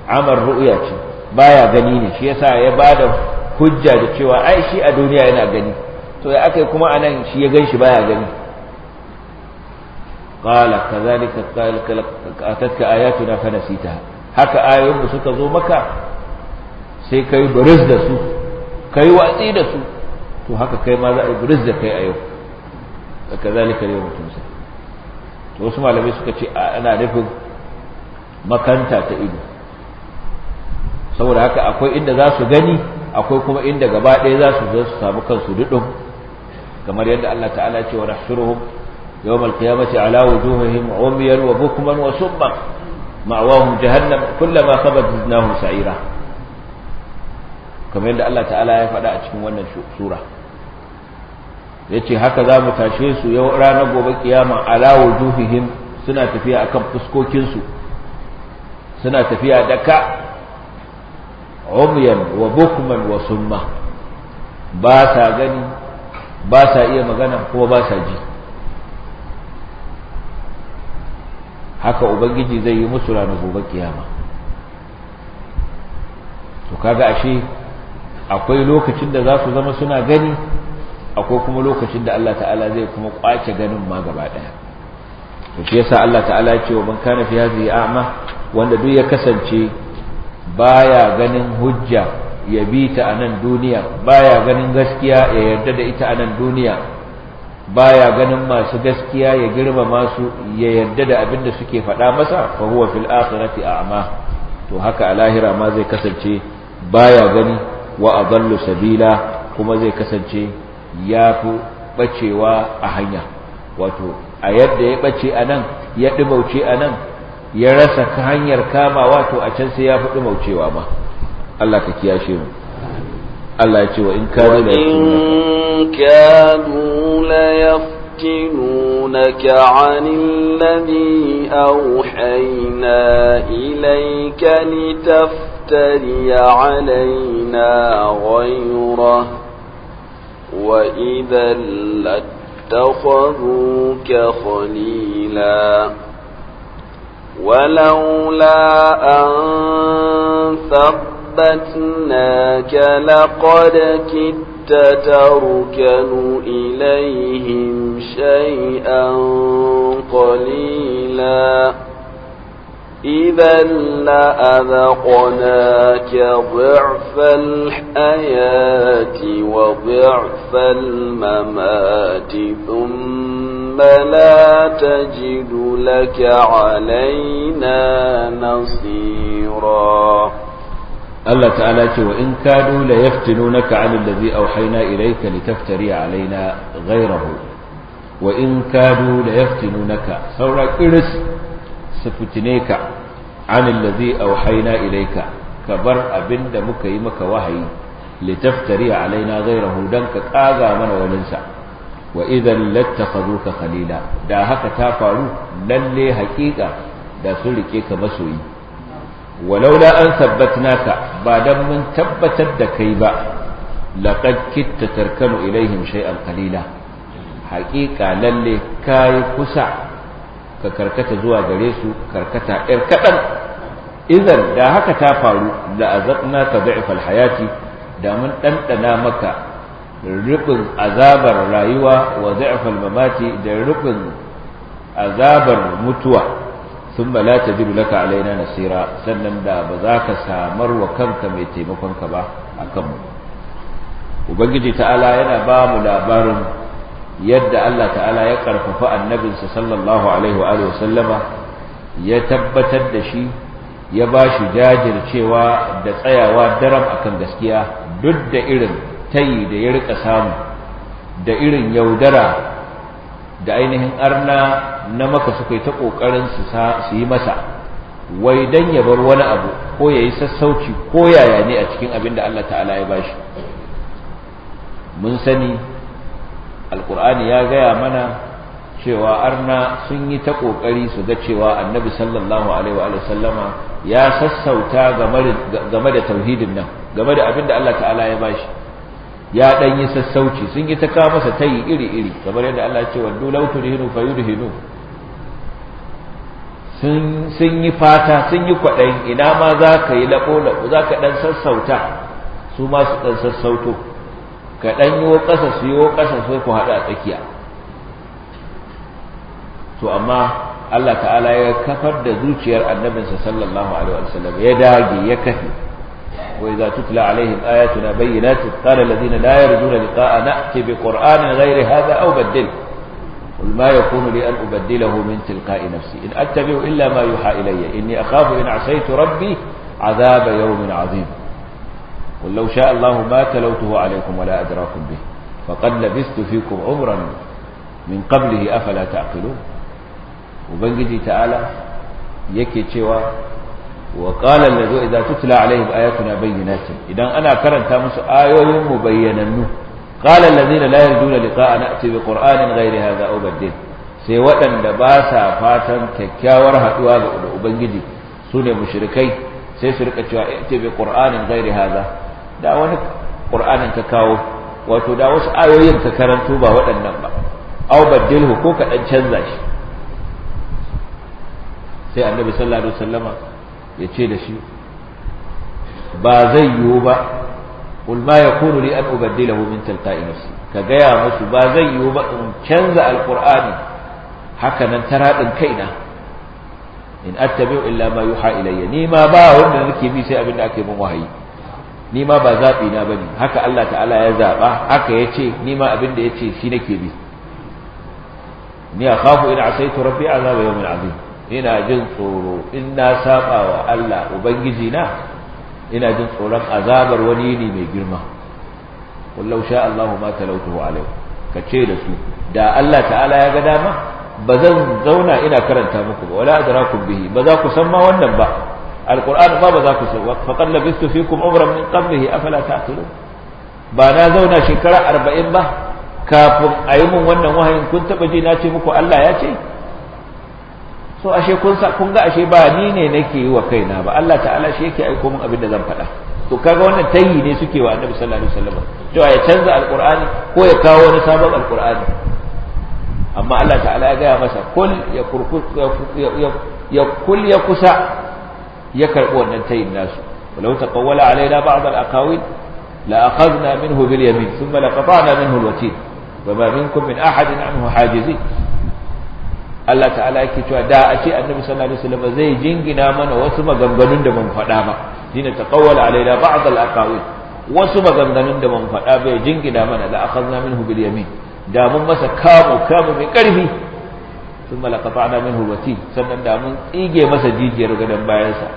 amar ru'ya ce baya gani ne shi yasa ya bada hujja da cewa ai shi a duniya yana gani to ya akai kuma anan shi ya ganshi baya gani qala kadhalika atatka ayatuna nasita haka ayoyinmu suka zo maka sai kai buris da su kai watsi da su to haka kai ma za a yi buris da kai a yau kadhalika yawmutun wasu malamai suka ce ana nufin makanta ta ido saboda haka akwai inda za su gani akwai kuma inda gaba ɗaya za su zo su samu kansu duɗin kamar yadda Allah ta'ala ce wa nahshuruhum yawm al ala wujuhihim umyan wa bukman wa summan ma'awahum jahannam kullama khabat zidnahum sa'ira kamar yadda Allah ta'ala ya faɗa a cikin wannan sura ya ce haka za mu tashe su yau ranar gobe kiyama ala wujuhihim suna tafiya akan kan fuskokinsu suna tafiya da ka umyan wa bukman wa summa ba sa gani ba sa iya magana kuma ba sa ji haka ubangiji zai yi musu ranar gobe kiyama to kaga ashe akwai lokacin da za su zama suna gani akwai kuma lokacin da Allah ta'ala zai kuma kwace ganin ma gaba daya to shi yasa Allah ta'ala ya ce wa man kana fi hadhihi a'ma wanda duk ya kasance baya ganin hujja ya bi ta anan duniya baya ganin gaskiya ya yarda da ita anan duniya baya ganin masu gaskiya ya girmama su ya yarda da abin da suke faɗa masa fa huwa fil akhirati a'ma to haka a lahira ma zai kasance baya gani wa adallu sabila kuma zai kasance ya fi ɓacewa a hanya wato a yadda ya ɓace a nan ya ɗimauce a nan ya rasa ka hanyar kama wato a can sai ya fi ɗimaucewa ma Allah ka kiyashe mu Allah ya ce wa in kadu la in kadu la يفتنونك عن الذي أوحينا إليك لتفتري علينا غيره وإذا لاتخذوك خليلا ولولا أن ثبتناك لقد كدت تركن إليهم شيئا قليلا إذا لأذقناك ضعف الحياة وضعف الممات ثم لا تجد لك علينا نصيرا الله تعالى وإن كانوا ليفتنونك عن الذي أوحينا إليك لتفتري علينا غيره وإن كانوا ليفتنونك ثورة إرس su fitine ka zai ladhi na ilaika ka bar abinda muka yi maka wahayi litaftari alaina ghayrahu dan ka kaga mana waninsa wa idan ka khalila da haka ta faru lalle haƙiƙa da sun rike ka masoyi walaula an ka ba dan mun tabbatar da kai ba laqad kitta tarkanu ilaihim shay'an qalila haƙiƙa lalle yi kusa ka karkata zuwa gare su karkata ‘yar kaɗan idan da haka ta faru da azabna ka da'ifal hayati da mun ɗanɗana maka rukun azabar rayuwa wa da'ifal mamati da rukun azabar mutuwa sun ba la jiru laka alaina nasira sannan da ba za ka samar wa kanka mai taimakon ka ba a kanmu ubangiji ta'ala yana ba mu labarin yadda Allah ta'ala ya karfafa annabinsa sallallahu alaihi wa sallama ya tabbatar da shi ya ba shi jajircewa da tsayawa daram akan gaskiya duk da irin tayi da ya rika samu da irin yaudara da ainihin arna na maka suka yi ta ƙoƙarin su yi masa wai dan ya bar wani abu ko ya yi sassauci ko yaya ne a cikin abin da Allah ta'ala ya ba shi mun sani alkur'ani ya gaya mana cewa arna sun yi ta kokari su ga cewa annabi sallallahu alaihi wa sallama ya sassauta game da tauhidin nan game da abinda Allah ta'ala ya bashi ya dan yi sassauci sun yi ta kawo masa ta yi iri iri kamar yadda Allah ya ce waddu law turhinu fayudhinu sun sun yi fata sun yi kwadayin ina ma za ka yi labo labo za ka dan sassauta su ma su dan sassauto ka ɗan yiwo ƙasa su yiwo ƙasa sai ku haɗu a tsakiya to amma Allah ta'ala ya kafar da zuciyar annabinsa sallallahu alaihi wasallam ya dage ya kafi wa idza tutla alaihim ayatuna bayyinatin qala alladhina la yarjuna liqa'a na'ti bi qur'anin ghairi hadha aw baddil قل ما يكون لي أن أبدله من تلقاء نفسي إن أتبع إلا ما يوحى إلي إني أخاف إن عصيت ربي عذاب يوم عظيم قل لو شاء الله ما تلوته عليكم ولا أدراكم به فقد لبثت فيكم عمرا من قبله أفلا تعقلون وبنجي تعالى يكي تشوى وقال الذي إذا تتلى عليهم آياتنا بينات إذا أنا كرنت مس آية مبينا قال الذين لا يرجون لقاء نأتي بقرآن غير هذا أو بدل sai waɗanda ba sa fatan kyakkyawar haɗuwa ga Ubangiji su ne mushrikai sai su rika cewa ita bi qur'anin ghairi haza da wani qur'anin ka kawo wato da wasu ayoyin ka karanto ba waɗannan ba aw baddilhu ko ka dan canza shi sai annabi sallallahu Sallama ya ce da shi ba zai yiwu ba ulma ya yakunu li an ubaddilahu min talqa'i nafsi ka gaya musu ba zai yiwu ba in canza alqur'ani haka nan taradin kaina in attabi'u illa ma yuha ilayya ni ma ba wanda nake bi sai abin da ake min wahayi ni ma ba zaɓi na ba ne, haka Allah ta'ala ya zaɓa haka ya ce ni ma abin da ya ce shi nake bi ni a kafu ina a rabbi azaba yawmin azim ina jin tsoro in na saɓa wa Allah ubangiji na ina jin tsoron azabar wani ne mai girma wallau sha Allahu ma talautuhu alaihi ka ce da su da Allah ta'ala ya ga dama ba zan zauna ina karanta muku ba wala adrakum bihi ba za ku san ma wannan ba alqur'ani babu ba za ku so ba faqad labistu fikum umran min qablihi afala ta'qilun ba na zauna shekara arba'in ba kafin a yi mun wannan wahayin kun taɓa ji na ce muku Allah ya ce so ashe kun sa kun ga ashe ba ni ne nake yi wa kaina ba Allah ta'ala shi yake aiko min abin da zan faɗa to kaga wannan tayi ne suke wa Annabi sallallahu alaihi wasallam to ya canza alqur'ani ko ya kawo wani sabon alqur'ani amma Allah ta'ala ya gaya masa ya kurku kul ya kusa ya karɓi wannan tayin nasu walau taqawwala alaina ba'd al-aqawil la akhadna minhu bil yamin thumma laqata'na minhu al-watin wa ma minkum min ahadin anhu hajizin Allah ta'ala yake cewa da a ce annabi sallallahu alaihi wasallam zai jingina mana wasu maganganun da ban faɗa ba dina taqawwala alaina ba'd al-aqawil wasu maganganun da ban faɗa ba ya jingina mana la akhadna minhu bil yamin da mun masa kamu kamu mai ƙarfi sun malaka ba'ana min hulwati sannan da mun tsige masa jijiyar gadon bayansa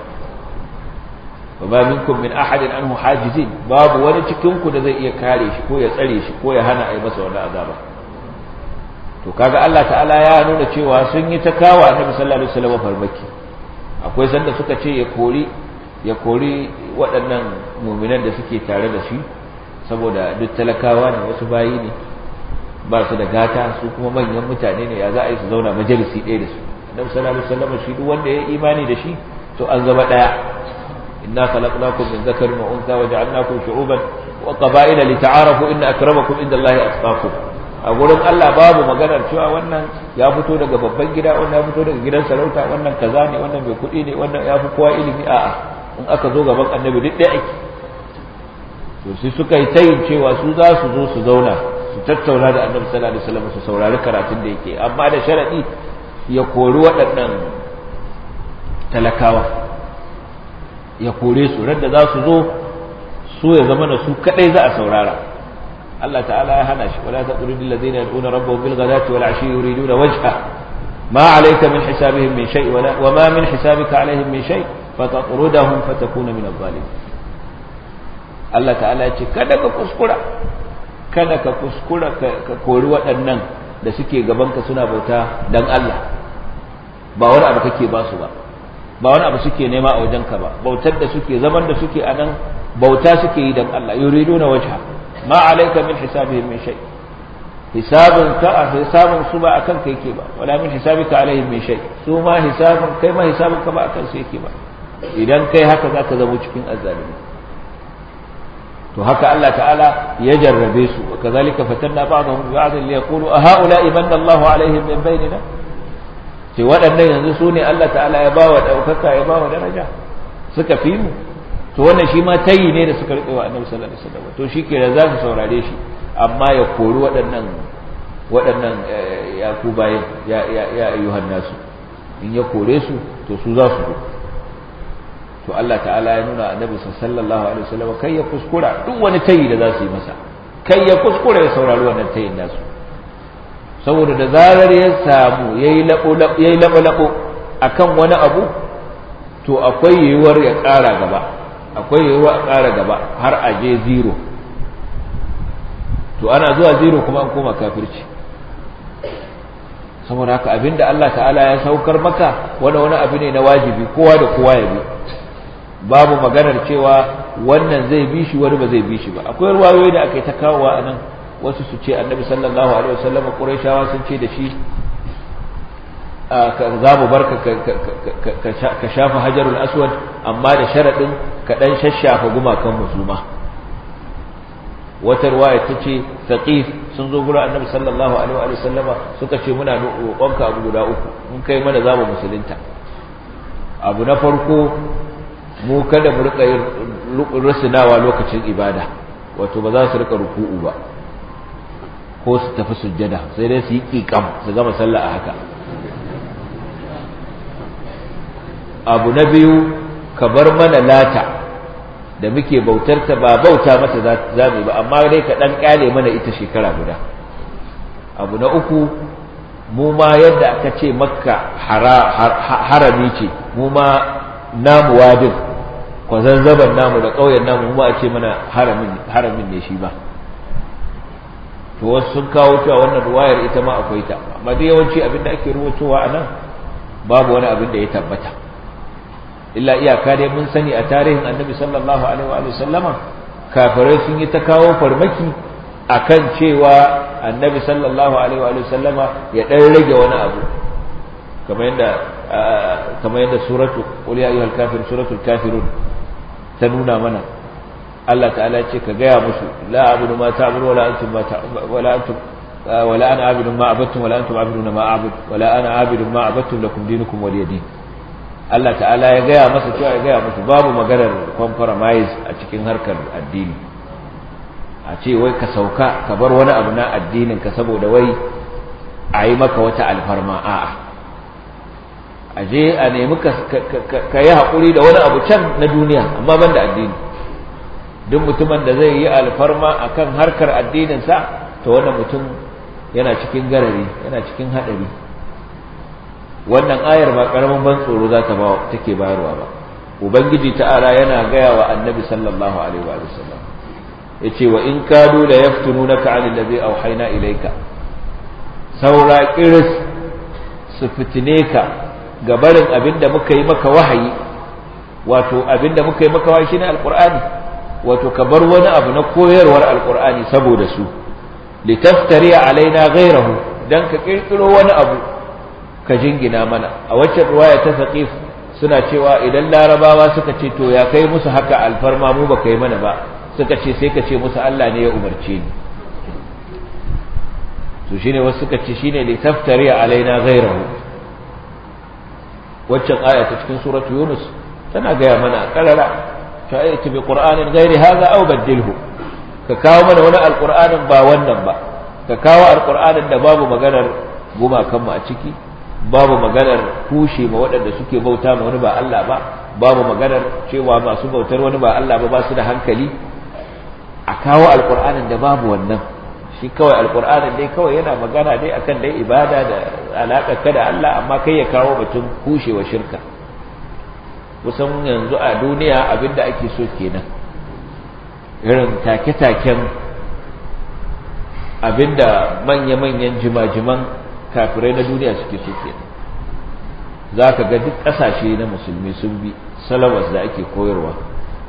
ba ba minkum min ahadin an hajizin babu wani cikin ku da zai iya kare shi ko ya tsare shi ko ya hana a yi masa wani azaba to kaga Allah ta'ala ya nuna cewa sun yi ta kawo annabi sallallahu alaihi wasallam farmaki akwai sanda suka ce ya kori ya kori waɗannan mu'minan da suke tare da shi saboda duk talakawa ne wasu bayi ne ba su da gata su kuma manyan mutane ne ya za a yi su zauna majalisi ɗaya da su annabi sallallahu alaihi wasallam shi duk wanda ya yi imani da shi to an zama ɗaya inna khalaqnakum min dhakarin wa untha wa ja'alnakum shu'uban wa qaba'ila lita'arafu inna akramakum indallahi atqakum a gurin Allah babu maganar cewa wannan ya fito daga babban gida wannan ya fito daga gidan sarauta wannan kaza ne wannan mai kuɗi ne wannan ya fi kowa ilimi a'a in aka zo gaban annabi duk ɗaya ake to sai suka yi tayin cewa su za su zo su zauna su tattauna da annabi sallallahu alaihi wasallam su saurari karatun da yake amma da sharadi ya kori waɗannan talakawa ya kore su randa za su zo su ya zama na su kadai za a saurara Allah ta'ala ya hana shi wala taqridil ladina yad'una rabbahum bil ghadati wal ashi yuriduna wajha ما عليك من حسابهم من شيء ولا وما من حسابك عليهم من شيء فتطردهم فتكون من الظالمين Allah ta'ala ya ce kada ka kuskura kada ka kuskura ka kori waɗannan da suke gabanka suna bauta dan Allah ba wani abu kake ba su ba ba wani abu suke nema a wajenka ba bautar da suke zaman da suke a nan bauta suke yi dan Allah yuriduna wajha ma alayka min hisabihim min shay hisabun ka hisabun su ba akan kai yake ba wala min hisabika alaihim min shay su ma hisabun kai ma hisabun ka ba akan su yake ba idan kai haka zaka zama cikin azzalimi to haka Allah ta'ala ya jarrabe su wa kazalika fatanna ba'dahum ba'dan li yaqulu a haula imanna Allahu alaihim min bainina ce waɗannan yanzu su ne Allah ta'ala ya bawa ɗaukaka ya bawa daraja suka fi mu to wannan shi ma tayi ne da suka riƙe wa Annabi sallallahu alaihi wasallam to shi da za su saurare shi amma ya kori waɗannan waɗannan eh, ya ku bayan ya ya ayyuhan nasu in ya kore su to su za su to Allah ta'ala ya nuna annabi sallallahu alaihi wasallam kai ya kuskura duk wani tayi da za su yi masa kai ya kuskura ya saurari wannan tayin nasu saboda da zarar ya samu yayi labo yayi labo labo akan wani abu to akwai yiwuwar ya ƙara gaba akwai yiwuwar a ƙara gaba har a je zero to ana zuwa zero kuma an koma kafirci saboda haka abinda Allah ta'ala ya saukar maka wani wani abu ne na wajibi kowa da kowa ya bi babu maganar cewa wannan zai bi shi wani ba zai bi shi ba akwai ruwayoyi da aka yi ta kawowa a nan wasu su ce annabi sallallahu alaihi wasallam quraishawa sun ce da shi za mu barka ka shafa hajarul aswad amma da sharadin ka dan shashafa gumakan musulma wata ruwaya ta ce saqif sun zo gura annabi sallallahu alaihi sallama, suka ce muna roƙonka abu guda uku mun kai mana zabu musulunta abu na farko mu kada mu rika rusunawa lokacin ibada wato ba za su rika ruku'u ba ko su tafi sujjada sai dai su yi kikam su gama sallah a haka abu na biyu ka bar mana lata da muke bautar ta ba bauta mata za mu ba amma dai ka dan kyale mana ita shekara guda abu na uku mu ma yadda aka ce makka harami ce mu ma namu wadin zazzaban namu da ƙauyen namu ba a ce mana haramin ne shi ba to wasu sun kawo cewa wannan ruwayar ita ma akwai ta amma dai yawanci da ake rubutowa a nan babu wani abin da ya tabbata illa iyaka dai mun sani a tarihin annabi sallallahu alaihi wa sallama kafirai sun yi ta kawo farmaki akan cewa annabi sallallahu alaihi wa sallama ya dan rage wani abu kamar yadda kamar yadda suratu qul ya ayyuhal kafirun suratul kafirun ta nuna mana Allah ta'ala ce ka gaya musu la abudu ma ta'budu wala antum ma wala antum uh, wala ana abudu ma abattum wala antum abiduna ma abud wala ana abudu ma abattum lakum dinukum waliya din Allah ta'ala ya gaya masa cewa ya gaya musu babu maganar compromise a cikin harkar addini a ce wai ka sauka ka bar wani abu na addinin ka saboda wai a yi maka wata alfarma a'a a je a nemi ka yi haƙuri da wani abu can na duniya amma ban da addini duk mutumin da zai yi alfarma akan kan harkar addininsa ta wannan mutum yana cikin garari yana cikin haɗari wannan ayar ba ƙaramin ban tsoro za ta take bayarwa ba ubangiji ta'ala yana gaya wa annabi sallallahu alaihi wa sallam yace wa in ka kadu la yaftununaka 'anil ladhi auhaina ilaika. saura ƙiris su fitine ka ga barin da muka yi maka wahayi wato da muka yi maka wahayi shine alqur'ani wato ka bar wani abu na koyarwar alqur'ani saboda su litaftari alaina ghayrahu dan ka kirkiro wani abu ka jingina mana a wacce ruwaya ta saqif suna cewa idan larabawa suka ce to ya kai musu haka alfarma mu baka yi mana ba suka ce sai ka ce musu Allah ne ya umarce ni to shine wasu suka ce shine litaftari alaina ghayrahu waccan aya ta cikin suratu yunus tana gaya mana karara ta ayyuka bi qur'anin ghairi hadha aw badilhu ka kawo mana wani alqur'anin ba wannan ba ka kawo alqur'anin da babu maganar guma kanmu a ciki babu maganar kushe ma waɗanda suke bauta ma wani ba Allah ba babu maganar cewa masu bautar wani ba Allah ba ba su da hankali a kawo alqur'anin da babu wannan shi kawai ne dai kawai yana magana dai akan dai ibada da alaƙa da Allah amma kai ya kawo batun kushewa shirka kusan yanzu a duniya abinda ake so kenan irin take-taken abinda manya-manyan jima-jiman kafirai na duniya suke so kenan za ka ga duk ƙasashe na musulmi sun bi salawas da ake koyarwa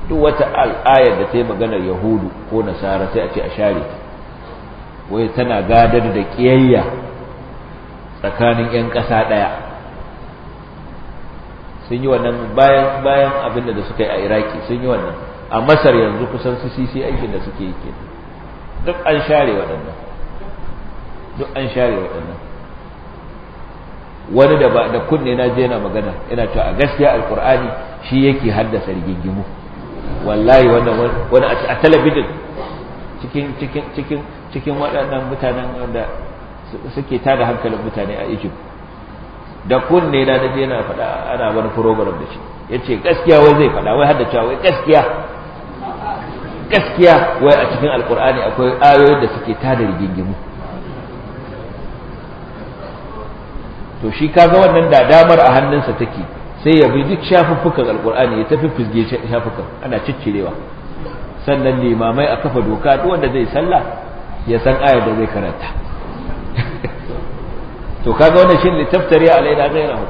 duk wata al'ayar da ta yi maganar yahudu ko nasara sai a ce a share ta wai tana gadar da kiyayya tsakanin 'yan ƙasa ɗaya sun yi wannan bayan bayan abin da suka yi a iraki sun yi wannan a masar yanzu kusan su sisi aikin da suke yi duk an share waɗannan duk an share waɗannan wani da ba da kunne na je yana magana yana cewa a gaskiya alkur'ani shi yake haddasa rigingimu wallahi wannan wani a talabijin cikin cikin cikin cikin waɗannan mutanen da suke tada hankalin mutane a Egypt da kunne da naje yana faɗa ana wani program da shi yace gaskiya wai zai faɗa wai hadda cewa wai gaskiya gaskiya wai a cikin alkur'ani akwai ayoyin da suke tada rigingimu to shi kaga wannan da damar a hannunsa take sai ya bi duk shafuffukan alkur'ani ya tafi fizge shafuffukan ana ciccirewa sannan limamai a kafa doka duk wanda zai sallah ya san ayar da zai karanta to kaga wannan shi ne taftari alaina ghairahu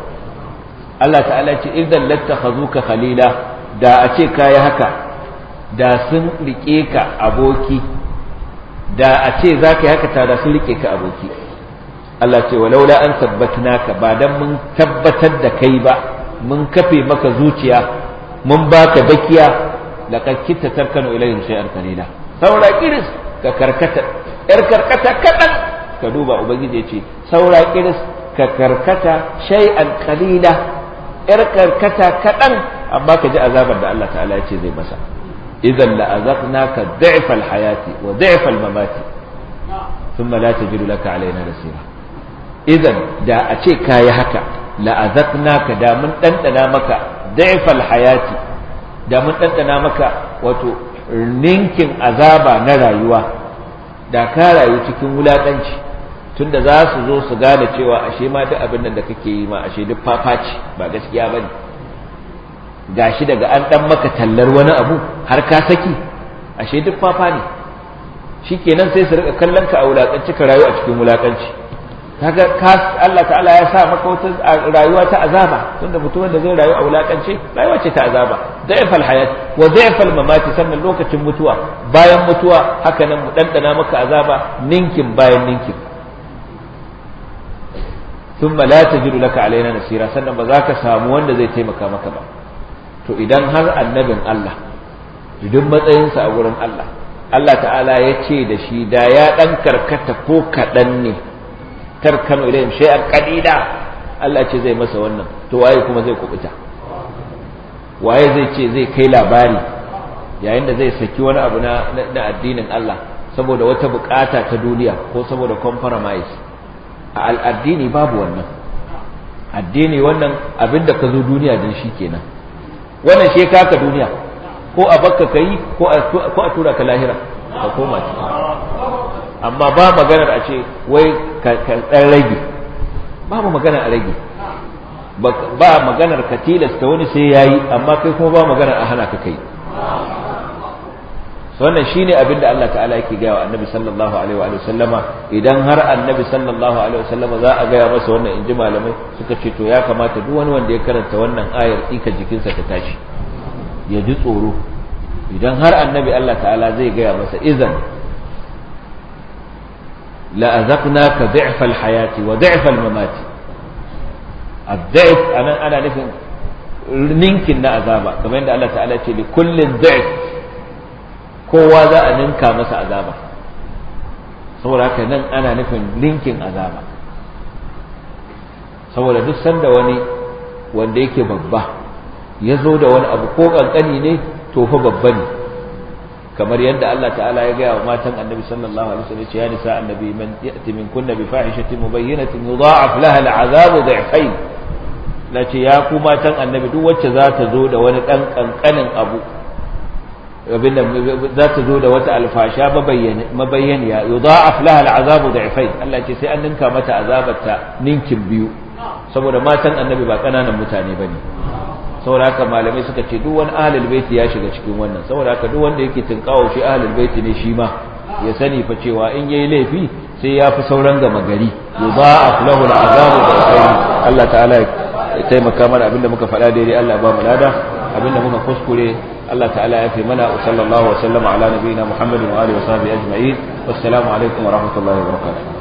Allah ta'ala ce idan lattakhazuka khalila da a ce kai haka da sun rike ka aboki da a ce zaka yi haka ta da sun rike ka aboki Allah ce walaula an ka, ba dan mun tabbatar da kai ba mun kafe maka zuciya mun baka bakiya laqad kitta tarkanu ilayhi shay'an qalila saura iris ka karkata yar karkata kaɗan ka duba ubangiji ya ce saura iris ka karkata shay'an qalila yar karkata kaɗan amma ka ji azabar da Allah ta'ala ya ce zai masa idan la ka da'fal hayati wa da'fal mamati sun thumma la tajidu laka alaina Sira. idan da a ce ka yi haka la ka da mun dandana maka da'fal hayati da mun dandana maka wato ninkin azaba na rayuwa da ka rayu cikin wulakanci tunda za su zo su gane cewa ashe ma duk abin nan da kake yi ma ashe duk fafa ce ba gaskiya bane gashi daga an dan maka tallar wani abu har ka saki ashe duk fafa ne shikenan sai su rika kallon ka a wulakanci ka rayu a cikin wulakanci kaga Allah ta'ala ya sa maka wata rayuwa ta azaba tunda mutumin da zai rayu a wulakance rayuwa ce ta azaba da'ifal hayat wa da'ifal mamati sannan lokacin mutuwa bayan mutuwa haka nan mu dandana maka azaba ninkin bayan ninkin thumma la tajidu laka alaina nasira sannan ba za ka samu wanda zai taimaka maka ba to idan har annabin Allah duk sa a wurin Allah Allah ta'ala ya ce da shi da ya dan karkata ko kaɗan ne tarkanu ilayhim shay'an qadida Allah ce zai masa wannan to waye kuma zai kubuta waye zai ce zai kai labari yayin da zai saki wani abu na na addinin Allah saboda wata bukata ta duniya ko saboda compromise a al'addini babu wannan addini wannan abinda ka zo duniya din shi kenan wannan shi ka ka duniya ko a bakka kai ko a tura ka lahira ka koma amma ba maganar a ce wai ɗan rage babu magana a rage ba maganar ka tilasta wani sai ya yi amma kai kuma ba maganar a hana ka kai wannan shi ne abinda Allah ta'ala yake gaya wa annabi sallallahu alaihi wa sallama idan har annabi sallallahu alaihi wa sallama za a gaya masa wannan inji malamai suka ce to ya kamata duk wani wanda ya karanta wannan ayar ika jikinsa ta tashi ya ji tsoro idan har annabi Allah ta'ala zai gaya masa izan la'azaqnaka dhi'fa al-hayati wa dhi'fa al-mamati ad-dhi'f anan ana nufin ninkin na azaba kamar da Allah ta'ala ce li kullin dhi'f kowa za a ninka masa azaba saboda haka nan ana nufin ninkin azaba saboda duk sanda wani wanda yake babba ya zo da wani abu ko kankani ne to fa babba ne kamar yadda Allah ta'ala ya gaya wa matan annabi sallallahu alaihi wasallam ya nisa annabi man ya'ti min kunna bi fahishatin mubayyinatin yudha'af laha al'azabu dhi'fayn nace ya ku matan annabi duk wacce za ta zo da wani dan kankanin abu abin za ta zo da wata alfasha mabayyaniya yudha'af laha al'azabu dhi'fayn Allah ce sai an ninka mata azabarta ninkin biyu saboda matan annabi ba kananan mutane bane saboda haka malamai suka ce duk wani ahlul baiti ya shiga cikin wannan saboda haka duk wanda yake tinkawo shi ahlul baiti ne shi ma ya sani fa cewa in yayi laifi sai ya fi sauran gama gari yudha'af lahu al'azabu bi sayyi Allah ta'ala ya taimaka mana abinda muka faɗa daidai Allah ba mu lada abinda muka kuskure Allah ta'ala ya fi mana sallallahu wa sallam ala nabiyina Muhammadin wa alihi wa sahbihi ajma'in wassalamu alaikum wa rahmatullahi wa barakatuh